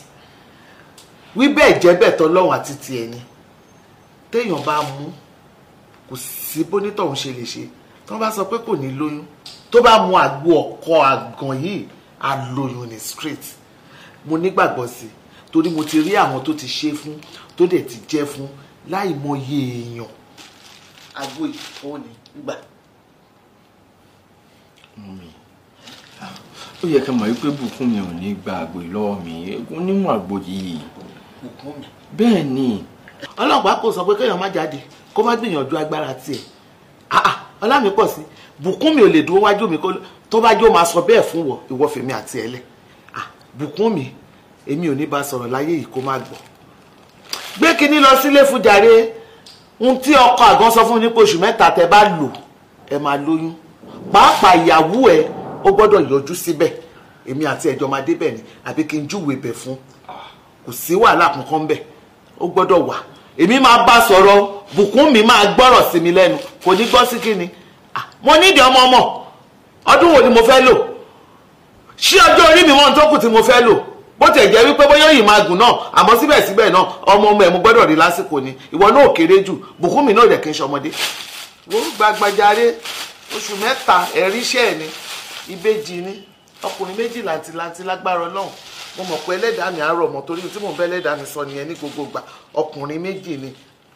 wí bẹ́ẹ̀ jẹ́ bẹ́ẹ̀ tọ́lọ́run àti tiẹ̀ ni téèyàn bá mú kò sí bónítọ̀hún ṣe lè ṣe tí wọ́n bá sọ pé kò ní lóyún tó bá mu àgbo ọkọ àgàn yìí á lóyún ní straight mo nígbàgbọ́ sí i torí mo ti rí àwọn tó ti ṣe fún tó dẹ̀ ti jẹ́ fún láì mọye èèyàn. àgbo ìfọ́ ni gbà. mọ̀mí ó yẹ kí n mọ̀ wípé bùkún mi ò ní gba àgbo ìlọ́wọ́ mi egun nímú àgbo yìí. bùkún mi. bẹ́ẹ̀ ni. ọlọ́pàá kò sọ pé kéèyàn má jáde kó má gbìyànjú agbára tiẹ̀ ọlámi pọ̀ sí bùkún mi ò lè dúró wájú mi tó bá jó máa sọ bẹ́ẹ̀ fún wọ ìwọ fèmi àti ẹlẹ́ bùkún mi èmi ò ní bá sọ̀rọ̀ láyé yìí kó má gbọ́ gbé kinní lọ sílé fún jàre ohun tí ọkọ àgàn sọ fún nípa oṣù mẹ́ta tẹ bá lò ẹ máa lóyún pàápàá ìyàwó ẹ ó gbọ́dọ̀ yọjú síbẹ̀ èmi àti ẹjọ́ máa débẹ̀ ni àbí kí n júwèé bẹ̀ fún kò sí wàhálà kankan bẹ̀ ó gbọ́dọ̀ wà èmi máa bá sọ̀rọ̀ bùkún mi máa gbọ́rọ̀ sí mi lẹ́nu kò ní gbọ́ sí kíni mo nídìí ọmọ ọmọ ọdún wo ni mo fẹ́ lò ṣé ọjọ́ orí mi mọ́ ohun tó kù tí mo fẹ́ lò bó tẹ̀ jẹ́ wípé bóyá yìí máa gùn náà àmọ́ síbẹ̀síbẹ̀ náà ọmọ ọmọ ẹ̀ mo gbọ́dọ̀ rí lásìkò ni ìwọ náà kéré jù Bùkúnmi náà dẹ̀ kí n ṣọmọdé. wo gbagbajaré oṣù mẹ́ta ẹ̀rí iṣẹ́ ẹ̀ ni ìbejì ni ọkùnrin méjì làǹtìlanti lágbára Ọlọ́run mo mọ̀ pé ẹlẹ́dàá mi àárọ̀ mọ̀ torí tí mò ń bẹ́ ẹlẹ́dàá mi sọ nìyẹn ní gbogbo ìgbà ọkùnrin méjì ni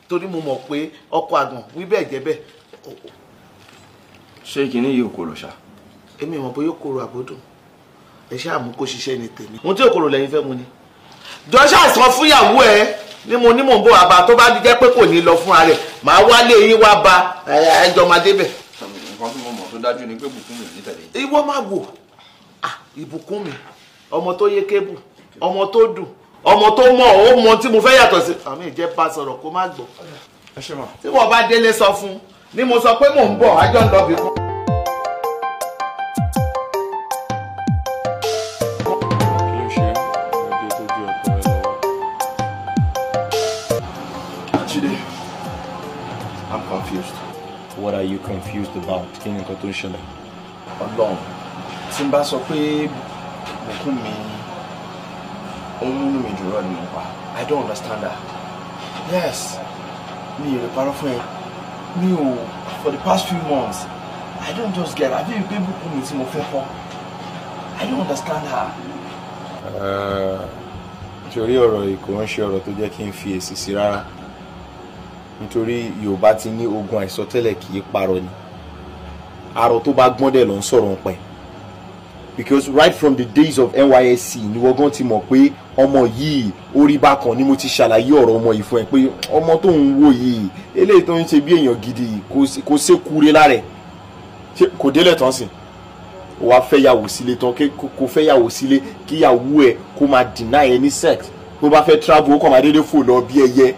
torí mo mọ̀ pé ọkọ àgàn wíbẹ̀ jẹ́bẹ̀. ṣé kinní yìí ò kò lọ ṣá. èmi ò mọ̀ bóyá ó kòrò àbódùn ẹ ṣáà mú kó ṣiṣẹ́ ní tèmi mo tí òkòrò lẹ́yìn fẹ́ mu ni. jọ ṣáà sọ fún ìyàwó ẹ ní mo ní mò ń bọ̀ àbá tó bá jẹ́ pé kò ní lọ fúnra rẹ̀ màá wálé yín wá ba ẹjọ́ máa débẹ̀. nǹkan tí mo mọ̀ tó dájú ni pé bùkún mi ò ní tẹ̀lé. ìwọ máa wò ìbùkún mi ọmọ tó yé kébù ọmọ tó dùn ọmọ tó mọ ó mọ tí mo fẹ́ yàtọ̀ sí. àmì ìjẹ́ bá sọ̀rọ̀ kó má gbọ́. tí wọ́n bá délé sọ fún ni mo sọ pé mò ń bọ̀ àjọ ń lọ bìkan. confused about kí ni nǹkan tó ń ṣẹlẹ̀. Ọlọ́run tí n bá sọ pé bùkún mi ó ń múnú mi jùlọ nínú pa I don't understand that yes mi ò lè parọ́ fún ẹ mi ò for the past few months I don't just get àbí ìgbé bùkún mi tí mo fẹ́ kọ́ I don't understand her. Ah, torí ọ̀rọ̀ yìí kò ń ṣe ọ̀rọ̀ tó jẹ́ kí n fi èsì sí rárá nítorí yorùbá ti ní ogun àìsọtẹ́lẹ̀ kì í parọ́ ni arọ tó bá gbọ́n dẹ̀ ló ń sọ̀rọ̀ pẹ̀ because right from the days of NYSC ni wọ́n gan ti mọ̀ pé ọmọ yìí orí bákan ni mo ti ṣàlàyé ọ̀rọ̀ ọmọ yìí fún ẹ pé ọmọ tó ń wò yìí eléyìí tó ń ṣe bí èèyàn gidi kò sékúre lára ẹ̀ kò délẹ̀ tán sìn wàá fẹ́ yàwó sílé tán kó fẹ́ yàwó sílé kíyàwó ẹ̀ kó máa deny any sex tó bá fẹ́ travel ó kàn máa déédéé fò lọ bí ẹyẹ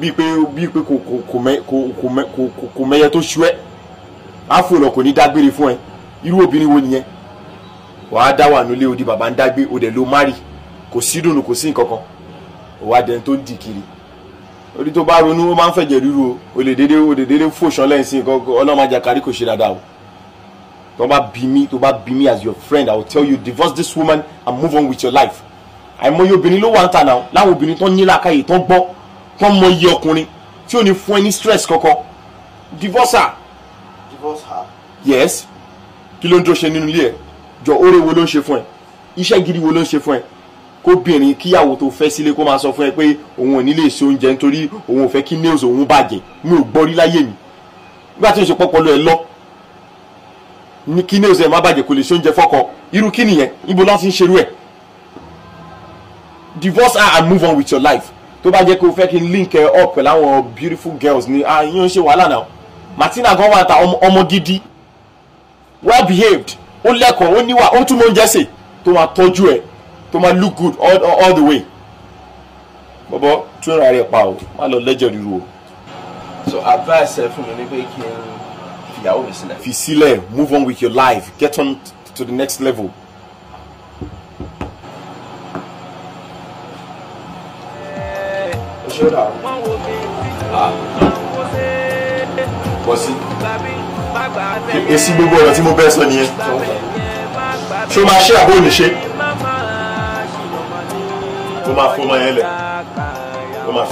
bíi pé bíi pé kò kò kò mẹ kò kò mẹ kò kò kò mẹyẹ tó ṣú ẹ àfò lọ kò ní dágbére fún ẹ irú obìnrin wo nìyẹn wàá dá wà nílé odi bàbá ń dágbé o ló mari kò sí dùnú kò sí nǹkan kan wàá tó ń kiri orí tó bá ronú ó máa ń fẹ̀jẹ̀ ríru o lè dédé o dédé fòṣàn lẹ́yìn ọlọ́mọ àjàkárí kò ṣe dáadáa o tó bá bí mi tó bá bí mi as your friend i will tell you divorce this woman and move on with your life àìmọye obìnrin ló wà ń ta náà láwọn obìnrin tó ń ní làákàyè tó ń gbọ́ kọ́ mọ iye ọkùnrin tí ò ní fún ẹ ní stress kankan divorce her. divorce her. yes kí ló ń dúró ṣe nínú ilé ẹ jọ oore wo ló ń ṣe fún ẹ iṣẹ́ gidi wo ló ń ṣe fún ẹ kóbìnrin kíyàwó tó fẹ́ sílé kó máa sọ fún ẹ pé òun ò ní lè ṣe oúnjẹ nítorí òun ò fẹ́ kí nails òun bàjẹ́ mi ò gbọ́ rí láyé mi nígbà tí o ṣe pọ́pọ́ lọ ẹ lọ ní kí nails ẹ má bàjẹ́ kò lè ṣe oúnjẹ fọ́kọ irú kí nìyẹn ibo láti ń ṣerú ẹ divorce her and move on with your life tó bá jẹ́ pé fẹ́ kí n link up pẹ̀lú àwọn beautiful girls ni àyàn ah, ṣe wàhálà náà Martina gan wà ta ọmọ gidi well behaved ó lẹ́kọ̀ọ́ ó níwà ó tún mọ oúnjẹ sè tó máa tọ́jú ẹ tó máa look good all, all, the way bọ́bọ́ tún ra rẹ̀ pa o má lọ lẹ́jọ́ ríru o. so advice ẹ fún mi ni pé kí n fìyàwó mi sílẹ̀. fi sílẹ̀ move on with your life get on to the next level. ṣé ó dà o. bọ́ sí. èsì gbogbo ọ̀rọ̀ tí mo bẹ́ẹ̀ sọ nìyẹn. ṣé o máa ṣe àbó oníṣe. mo máa fún ọmọ yẹn lẹ̀ mo máa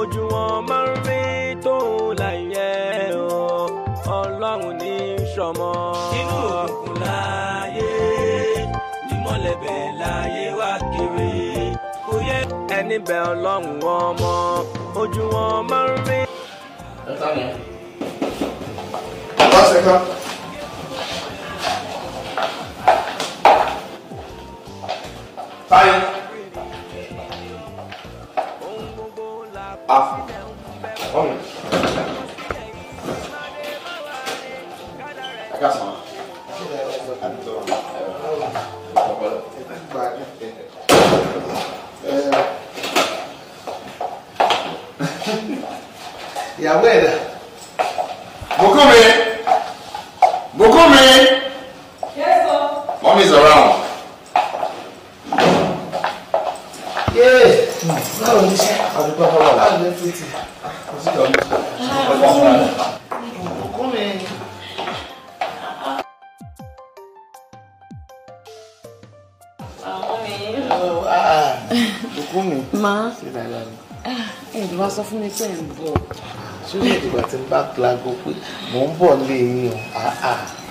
ojú wọn máa ń rí tó láyé o ọlọ́run ní í ṣọmọ. inú òkùnkùn láà ẹ̀bẹ̀ láyé wá kiri. ẹni bẹ̀ ọlọ́run wọn mọ ojú wọn máa ń rí. bàbá sẹ́ka. Táyé. Ah, homem. Agasalho. (laughs) E a abuela? Vou comer!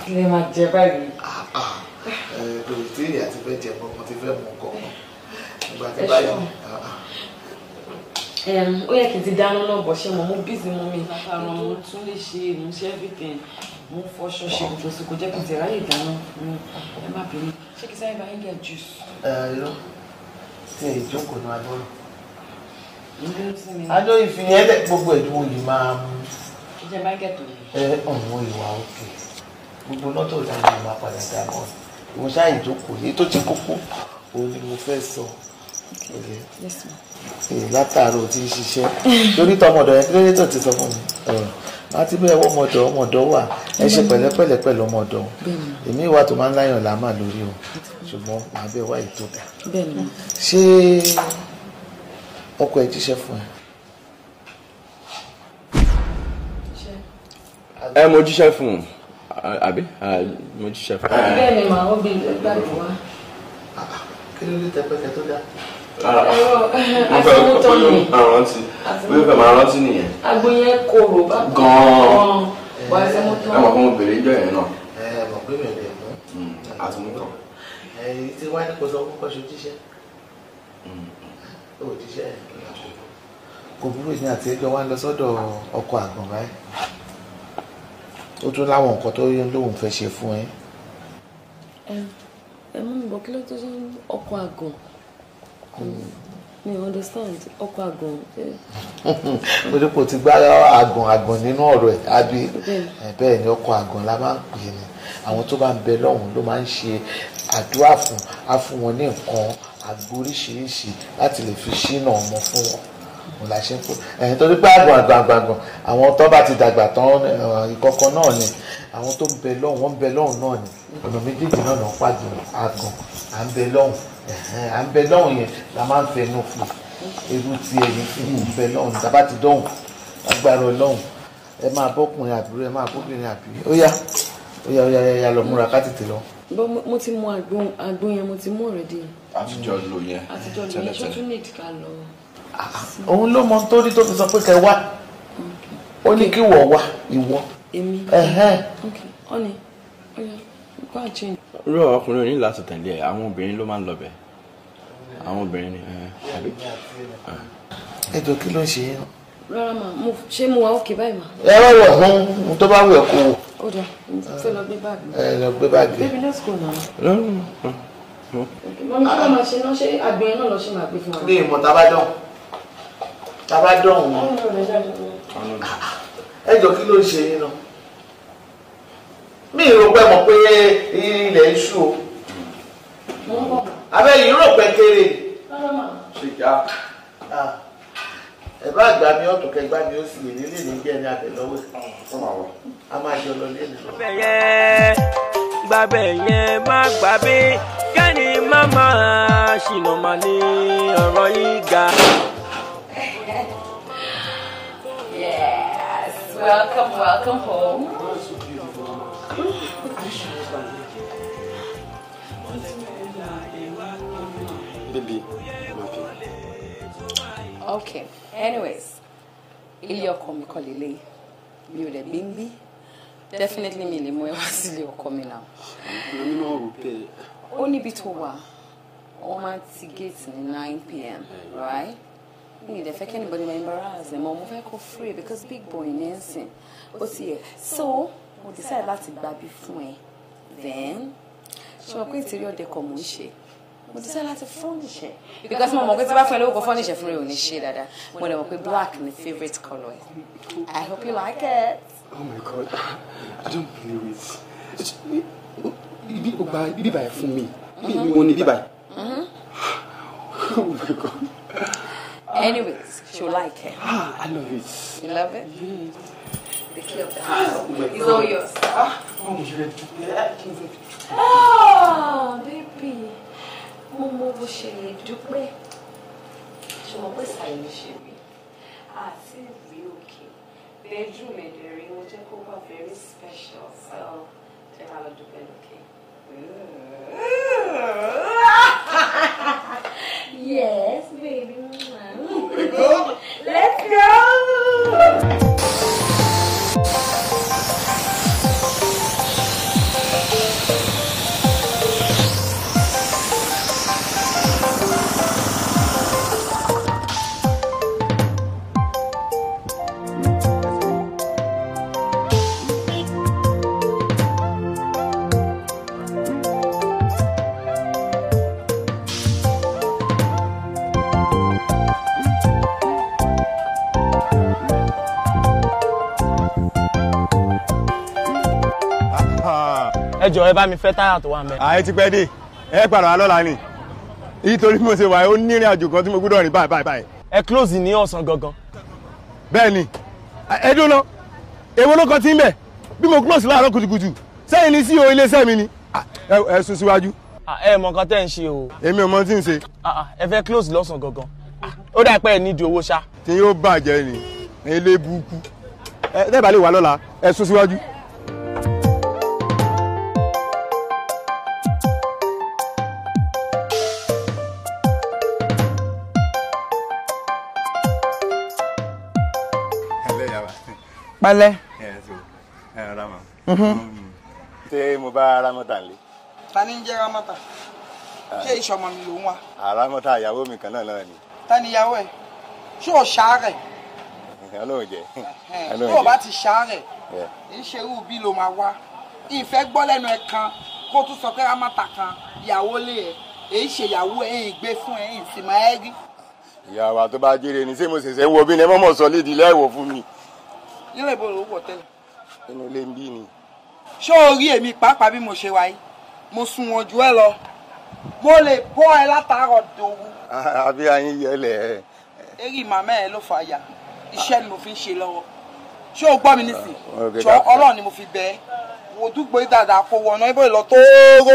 kí lè máa jẹ báyìí. lórí ah, ah. eh, tí èyí àti fẹ́ jẹ mọ́ ti fẹ́ mú kọ́ nígbà tí báyìí. Ah, ó yẹ kí n ti dáná náà bọ̀ ṣé mo mú bísí mú mi. àrùn mo tún lè ṣe ìmúṣẹ everything mo fọṣọ ṣe gbogbo sí kò jẹ́ kí n ti ráyè dáná ẹ má bínú ṣé kí sáyé bá yín gẹ̀ juice. ẹ eh, irọ́ tí èyí jókòó ní adọ́rùn adó ìfihàn ẹ̀dẹ̀ gbogbo ẹ̀dùn òyìn máa mú. ìjẹba gẹ̀tò yìí. ẹ ọ̀hún gbogbo náà tó dáná máa padà dá mọ́ mo ṣáàyìn tó kù ní tó ti kókó òun ni mo fẹ́ sọ látàárọ̀ tí ń ṣiṣẹ́ lórí tọmọdọ̀ yẹn kílódé tó ti sọ fún mi láti bẹ́ẹ̀ wọ́n ọmọdọ̀ ọmọdọ̀ wà ẹ ṣe pẹ̀lẹ́pẹ̀lẹ́ pẹ̀lú ọmọdọ̀ èmi ìwà tó máa ń láyàn láàmà lórí o ṣùgbọ́n màá bẹ̀ wá ètò dà ṣé ọkọ ẹ jíṣẹ́ fún ẹ. ẹ mo jíṣẹ́ fún un àbí mo ti ṣe fún. bẹ́ẹ̀ ni màá wọ́n bí gbàgbọ́ wa. kí ló dé tẹpẹtẹ tó dá. mo fẹ́ kó ló ń rántí wíwí fẹ́ máa rántí nìyẹn. agbo yẹn korò bá kọ́ gan-an wà á ṣe mú tán. ẹ mọ̀ fún mi bèrè ìjọ yẹn náà. ẹ mọ̀ pé mi ò lè mú. Hmm, àti mú tán. ẹ ti wá ní kó sọ kókó ṣe jíṣẹ́. Hmm, hmm. ó jíṣẹ́ kò burú ìsìn àti ẹjọ́ wa ń lọ sọ́dọ̀ ọkọ̀ àgbọ̀n báyìí ó tún láwọn nǹkan tó yẹ lóun fẹ́ ṣe fún ẹ. ẹ mú mi bọ kí ló tó ṣe ọkọ àgàn hmm. mi ò understand ọkọ àgàn. (laughs) mo dípò ti gbá àgàn àgàn nínú ọ̀rọ̀ ẹ̀ àbí bẹ́ẹ̀ ni ọkọ àgàn la máa ń pè ní àwọn tó bá ń bẹ lọ́hùn ló máa ń ṣe àdúrà fún wọn ní nǹkan àgbo láti lè fi ṣínà ọmọ fún wọn òun la ṣe ń kó torí pé àgbọn àgbọn àgbọn àgbọn àwọn tó bá ti dàgbà tán ìkọ̀kọ̀ náà ni àwọn tó ń bẹ lọ́hùn wọ́n ń bẹ lọ́hùn náà ni ọ̀nà méjèèjì náà náà pàdùn àgàn à ń bẹ lọ́hùn à ń bẹ lọ́hùn yẹn la máa ń fẹnu fún irú ti ẹni irú ń bẹ lọ́hùn tàbá ti dọ́hùn agbára ọlọ́hùn ẹ máa bọ́kùnrin àbúrò ẹ máa bọ́kùnrin àbúrò ó yá ó yá ó yá yá lọ múra ká mo ti mú agbóhùn yẹn mo ti mú ọ̀rẹ́dì. àtijọ́ lo yẹn tẹ́lẹ̀tẹ́lẹ̀ àtijọ́ lo yẹn ṣọ́tún lọ òun ló mọ torí tó fi sọ pé kẹ wá ó ní kí wọ wá ìwọ. èmi ọ̀nì go and change. irú ọkùnrin ò ní láti tẹ̀lé ẹ̀ àwọn obìnrin ló máa ń lọbẹ̀ àwọn obìnrin ni àbí. ẹjọ kí ló ń ṣe yín. rárá mà mo ṣé mo wà òkè báyìí mà. ẹ wá wọ̀ ọ́n tó bá wẹ̀ kó wò. ó dà fẹ́ lọ gbé báàgì. ẹ lọ gbé báàgì. baby let's go now. lọ́rùn. mo ní kí wọ́n máa ṣe náà ṣé àgbẹ̀yìn náà lọ ṣe máa gbé fún wa. bí ìmọ̀ta bá dán bàbá dọ̀hún wọn ah, ah. ẹ jọ kí ló ń ṣe yín lọ mi rò pé mọ̀ pé ilẹ̀ iṣu o abẹ́ yìí rò pé kéré ṣìkà ah, ẹ bá gbà mí ọ̀tún kẹgbà mí ó sì lè nílé ní bí ẹni abẹ lọ́wọ́ a máa jọ lọ lé nìlọ. gbàbẹ̀ yẹn má gbàgbé kẹ́ni má máa ṣìnà màlẹ́ ọ̀rọ̀ yìí ga. welcome, welcome home. Baby, okay. Anyways, ilio ọkọ mi You the bimbi, definitely me. lè mú ẹ wá (laughs) sílé ọkọ mi náà. èmi náà rò nine pm right. mi ì dẹ̀ anybody ma embarrass ẹ̀ mọ́ mo free because big boy dancing. But see, so we decide láti gbàbí baby fun. then ṣe mo pé ìtìrí ọ̀dẹ kọ̀ mò ń ṣe mo decide láti because mo mọ̀ pé tí bá fún ẹ lówó kan furnish fún rẹ ò ní ṣe dáadáa mo lè mọ̀ pé black ni favourite colour ẹ I hope you like it. Oh my God I don't believe it ibi ìgbà ibi ìbàyẹ fún mi ibi ìwọ ni ibi ìbàyẹ. Mm-hmm. Oh my God. Anyways, she'll like it. Ah, I love it. You love it? Yes. The key of the house. Ah, oh it's all yours. Ah, oh, ah, baby. Mo mọ bó ṣe lè dúpẹ́. Ṣé mo pé sàyè ṣe rí? Àti rí òkè. Bedroom ẹ̀dẹ̀rẹ̀ mo jẹ́ kó wà very special. So, jẹ́ ká lọ dúpẹ́ okay. Mm. (laughs) Yes, baby. Let's go! Let's go! ẹ bá mi fẹ́ táyà tó wà mẹ́. àyè ti pẹ́ dé ẹ pàrọ̀ alọ́la ni nítorí mo ṣe wà ó ní àjò kan tí mo gbọ́dọ̀ rìn báyìí báyìí. ẹ close ní ọ̀sán gangan. bẹ́ẹ̀ni ẹ dún lọ èwo ló kọ tí ń bẹ bí mo close láàárọ̀ kùtùkùtù sẹ́yìn ni sí e o iléeṣẹ́ mi ni ah, ẹ sún síwájú. Ah, ẹ mọ nǹkan tẹ́ ń ṣe o. èmi ò mọ tí ń ṣe. Ah, ẹ fẹ́ close lọ́sàn gangan ó dà pé nídìí owó ṣá. tí yóò bàjẹ́ ni ilé ẹ tẹ́ẹ̀ lè wà lọ́la ẹ sún síwájú. alẹ́. ẹ rama mhm. mm-hmm. ṣé mo bá ramọta nílé. ta ni ń jẹ́ ramọta ṣé ìṣọmọ mi ló ń wá. ramọta ìyàwó mi kan náà náà ni. ta ni ìyàwó ẹ ṣé o ṣàárẹ̀. ọlọ́run jẹ ọlọ́run jẹ. tó o bá ti ṣàárẹ̀ ìṣerú bí ló máa wá ìfẹ́ gbọ́ lẹ́nu ẹ kan kó tún sọ pé ramọta kan ìyàwó lé ẹ èyí ṣèyàwó ẹ̀yìn gbé fún ẹ̀yìn sì máa ẹ rí. ìyàwó àtọ́bá jèrè ni ṣé mo ṣẹ̀ṣẹ̀ ń wo bí ni ẹ mọ̀ mọ̀ sọ lédi lẹ́wọ̀ fún mi irú ìbò ló wọ̀ tẹ́lẹ̀. inú ilé ń bí ni. ṣé o rí èmi pàápàá bí mo ṣe wáyé mo sùn wọn jù ẹ lọ mo lè bọ́ ẹ látàárọ̀ dòwú. (laughs) àbí ayé yẹlẹ. eré màmá ẹ ló fà ya ni mo fi ń ṣe lọ́wọ́ ṣé o gbọ́ mi nísìn ah, jọ ọlọ́run ni mo fi bẹ́ẹ̀ wò dúgbò dáadáa kó wọnà ibo ìlọ tóóró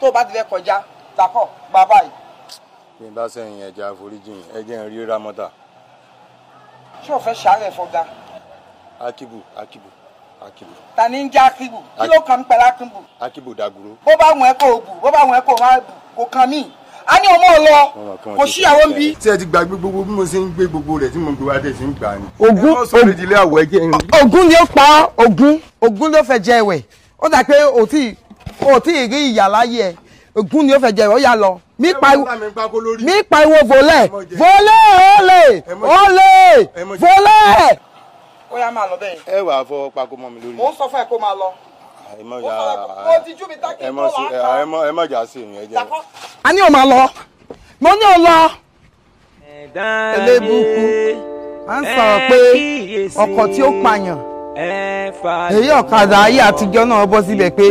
tó o bá ti fẹ́ kọjá dàpọ̀ bàbá yìí. bí n bá sẹ́yìn ẹja àforíjì ẹjẹ́ ń rí rámọ́tà. ṣé o fẹ́ ṣàárẹ̀ fọ́gá akibu akibu akibu. ta ni ń jẹ́ akibu kí ló kàn ń akibu. akibu dàgúrò. bó bá wọn kó o bù bó bá wọn kó o má bù kò kàn mí a ní ọmọ lọ kò síyàwó ń bí. tí ẹ ti gba gbogbo bí mo ṣe ń gbé gbogbo rẹ tí mo gbé wá tẹsí ń gbà ni. ogun ogun ni ó pa ogun ogun ló fẹ́ jẹ ẹwẹ ó dà pé ó ti ó ti rí ìyà láyé ogun ni ó fẹ́ jẹ ẹwẹ ó yà lọ mi pariwo volẹ volẹ olè olè volẹ ó yá máa lọ bẹ́ẹ̀. ẹ wàá fọ pako mọ́ mi lórí. mò ń sọ fún ẹ kó máa lọ. Ah, ẹ mọ ja ẹ ti jú mi dákì tó wàá kà. ẹ mọ ja sí mi ẹ a ní o máa lọ mo ní o lọ. elébùkù à ń sọ̀rọ̀ pé ọkọ̀ tí ó pààyàn èyí ọ̀kadà ayé àtijọ́ náà bọ́ síbẹ̀ pé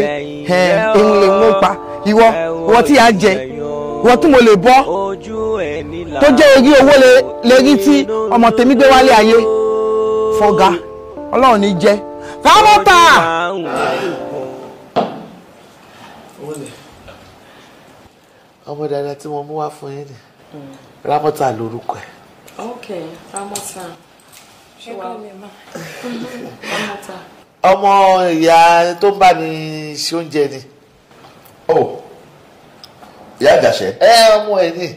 èmi lè mú pa ìwọ ìwọ tí a jẹ ìwọ tí mo lè bọ́ tó jẹ́ orí owó lè rí tí ọmọ tèmi gbé wálé ayé fọ́gá ọlọ́run ní jẹ́ fámọ́tà. ọmọ dáadáa tí mo mú wá fún yín ni rámọ́tà lórúkọ ẹ̀. ok rámọ́tà ṣé wàá rámọ́tà. ọmọ ìyá tó ń bá mi ṣe oúnjẹ ni. ọ oh. ìyá àjàṣe. ẹ ọmọ ẹ ní.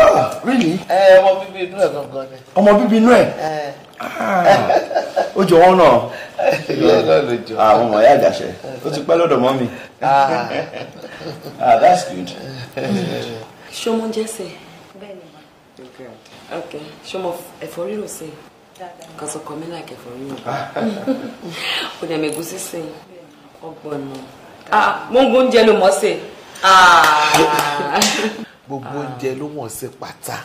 Ah, really. ẹ ọmọ bíbí inú ẹ gangan ni. ọmọ bíbí inú ẹ. Ah. (laughs) ó jọ wọn náà àwọn ọmọ ya àjàṣe ó ti pẹ́ lọ́dọ̀ mọ́ mi ah. ah that's good. ṣọmọ jẹsẹ. bẹ́ẹ̀ ni ma. ok ṣọmọ ẹ̀fọ́ rírò sí i kọsọ kọ mi láìkẹ fún mi o dẹ̀ mẹ́gùn sísìn ọgbọ̀n nù ah, mo ń gbóúnjẹ ló mọ̀ sí. gbogbo oúnjẹ ló mọ̀ sí pátá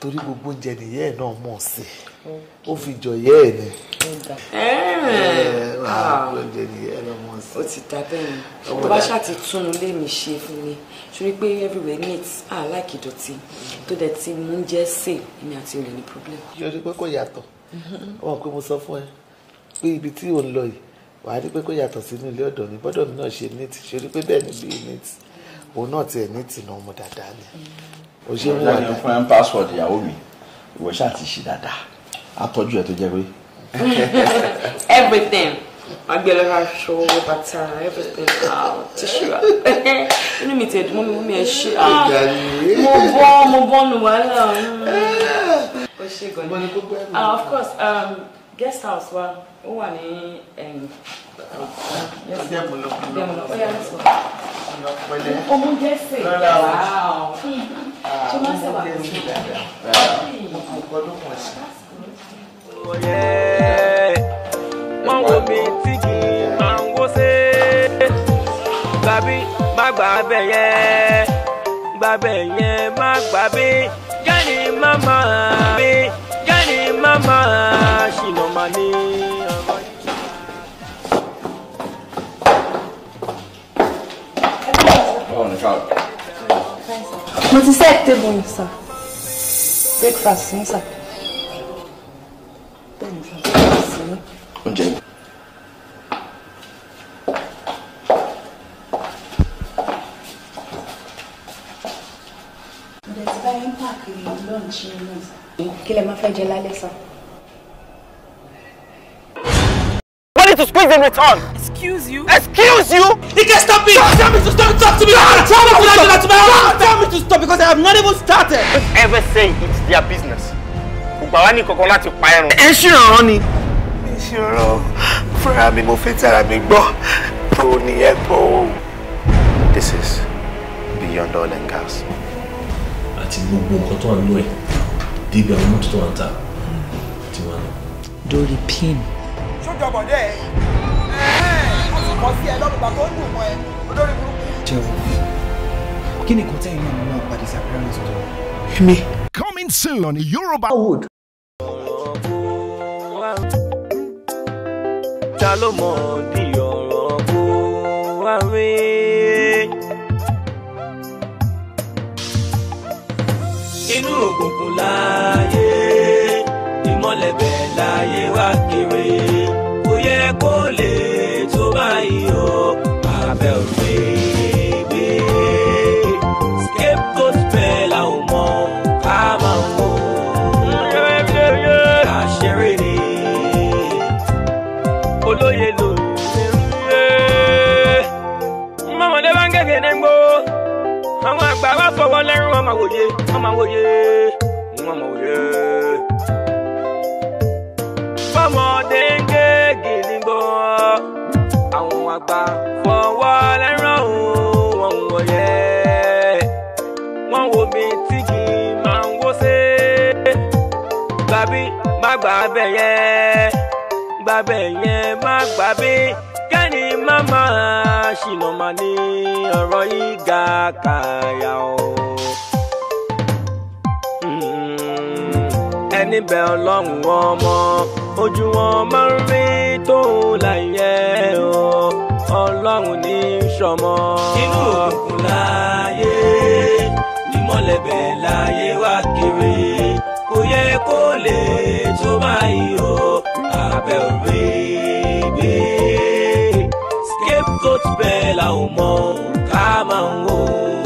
torí gbogbo oúnjẹ nìyẹn náà mọ̀ sí ó fi jọ̀yẹ́ ẹ̀ ah, ah. ni. O ti da bẹ́ẹ̀ ni bá ṣáà tún un lé mi ṣe fún mi ṣorí pé everywhere neat ah like ìdọ̀tí tó dẹ̀ ti mú jẹ́ sè èmi àti olè ní problem. yọrí pé kò yàtọ̀ wọn pé mo sọ fún ẹ pé ibi tí ò ń lọ yìí wàá rí pé kò yàtọ̀ sínú ilé ọ̀dọ̀ mi bọ́dọ̀ mi náà ṣe neat ṣorí pé bẹ́ẹ̀ ni bíi neat òun náà tiẹ̀ neat náà mo dáadáa ni. o ṣe ń wà dáadáa. ìwọ ṣáà ti ṣe dáadáa atọ́jú ẹ̀ tó jẹ́ pé. (laughs) everything agbẹ̀lẹ́ra aṣọ bàtà everything ah, tíṣù (laughs) inú mi tẹ̀dùn mọ́ mi mú mi ẹ̀ ṣe ah, mo bọ́ mo bọ́ nu wàhálà ó ṣe gan-an ah, of course um, guest house wa ó wà ní ọmọ um, gẹ̀ẹ́sì wow ṣé máa ń sẹ́wà lórí ọ̀pọ̀lọpọ̀ sí wọ́n wo mi tí kì í máa ń wó sé. gbàbí má gbà bẹ̀ yẹn gbàbẹ̀ yẹn má gbà bí jáde má máa bí jáde má máa ṣìnà máa ní. mo ti sẹ́ẹ̀ sir oúnjẹ yìí. What is to squeeze in return? Excuse you. Excuse you? You can't stop me! Don't tell me to stop! Talk to me! Don't tell me to stop! Don't tell me to stop because I have not even started! Whoever say it's their business gbà wá ní kankan láti pa ẹrùn. ẹ ṣèrànràn ni. ẹ ṣèrànràn fúnra mi mo fẹ́ tara mi gbọ́ tó ní ẹ̀gbọ́n. this is beyond all and gas. àti gbogbo nǹkan tó wà nínú ẹ̀ débi àwọn mọ́tò tó wà ń ta ti wà náà. lórí pin. sójọbọ dẹ ẹ ọsùn kan sí ẹ lọ́dún tó ń dùn mọ́ ẹ olórí burúkú. jẹ́wọ́ kí ni kò tẹ́yìn náà Coming soon on Yorubawood. ta ló mọ̀ bí ọ̀rọ̀ Buhari. inú òkùnkùn láyé ìmọ́lẹ̀ láyé. máa wòye wọ́n máa wòye wọ́n máa wòye. fọmọdé ń gé gìdìgbò àwọn àgbà fọwọ́ lẹ́rọ̀ wọn wòye wọ́n wo mi tí kì í máa ń wó sé gbàbí má gbà bẹ̀ yẹn gbàbẹ̀ yẹn má gbà bí kẹ́ni má máa ṣìnà màá ní ọ̀rọ̀ yìí ga kàyà o. níbẹ̀ ọlọ́run ọmọ ojú wọn máa ń rí tó láyé o ọlọ́run ní sọmọ. inú òkùnkùn láàyè nímọ̀lẹ́bẹ̀ láàyè wá kiri kò yẹ kó lè tó báyìí o abẹ́ òwe gbé scapegoat bẹ́ẹ̀ làwọn mọ̀ ká máa ń wò ó.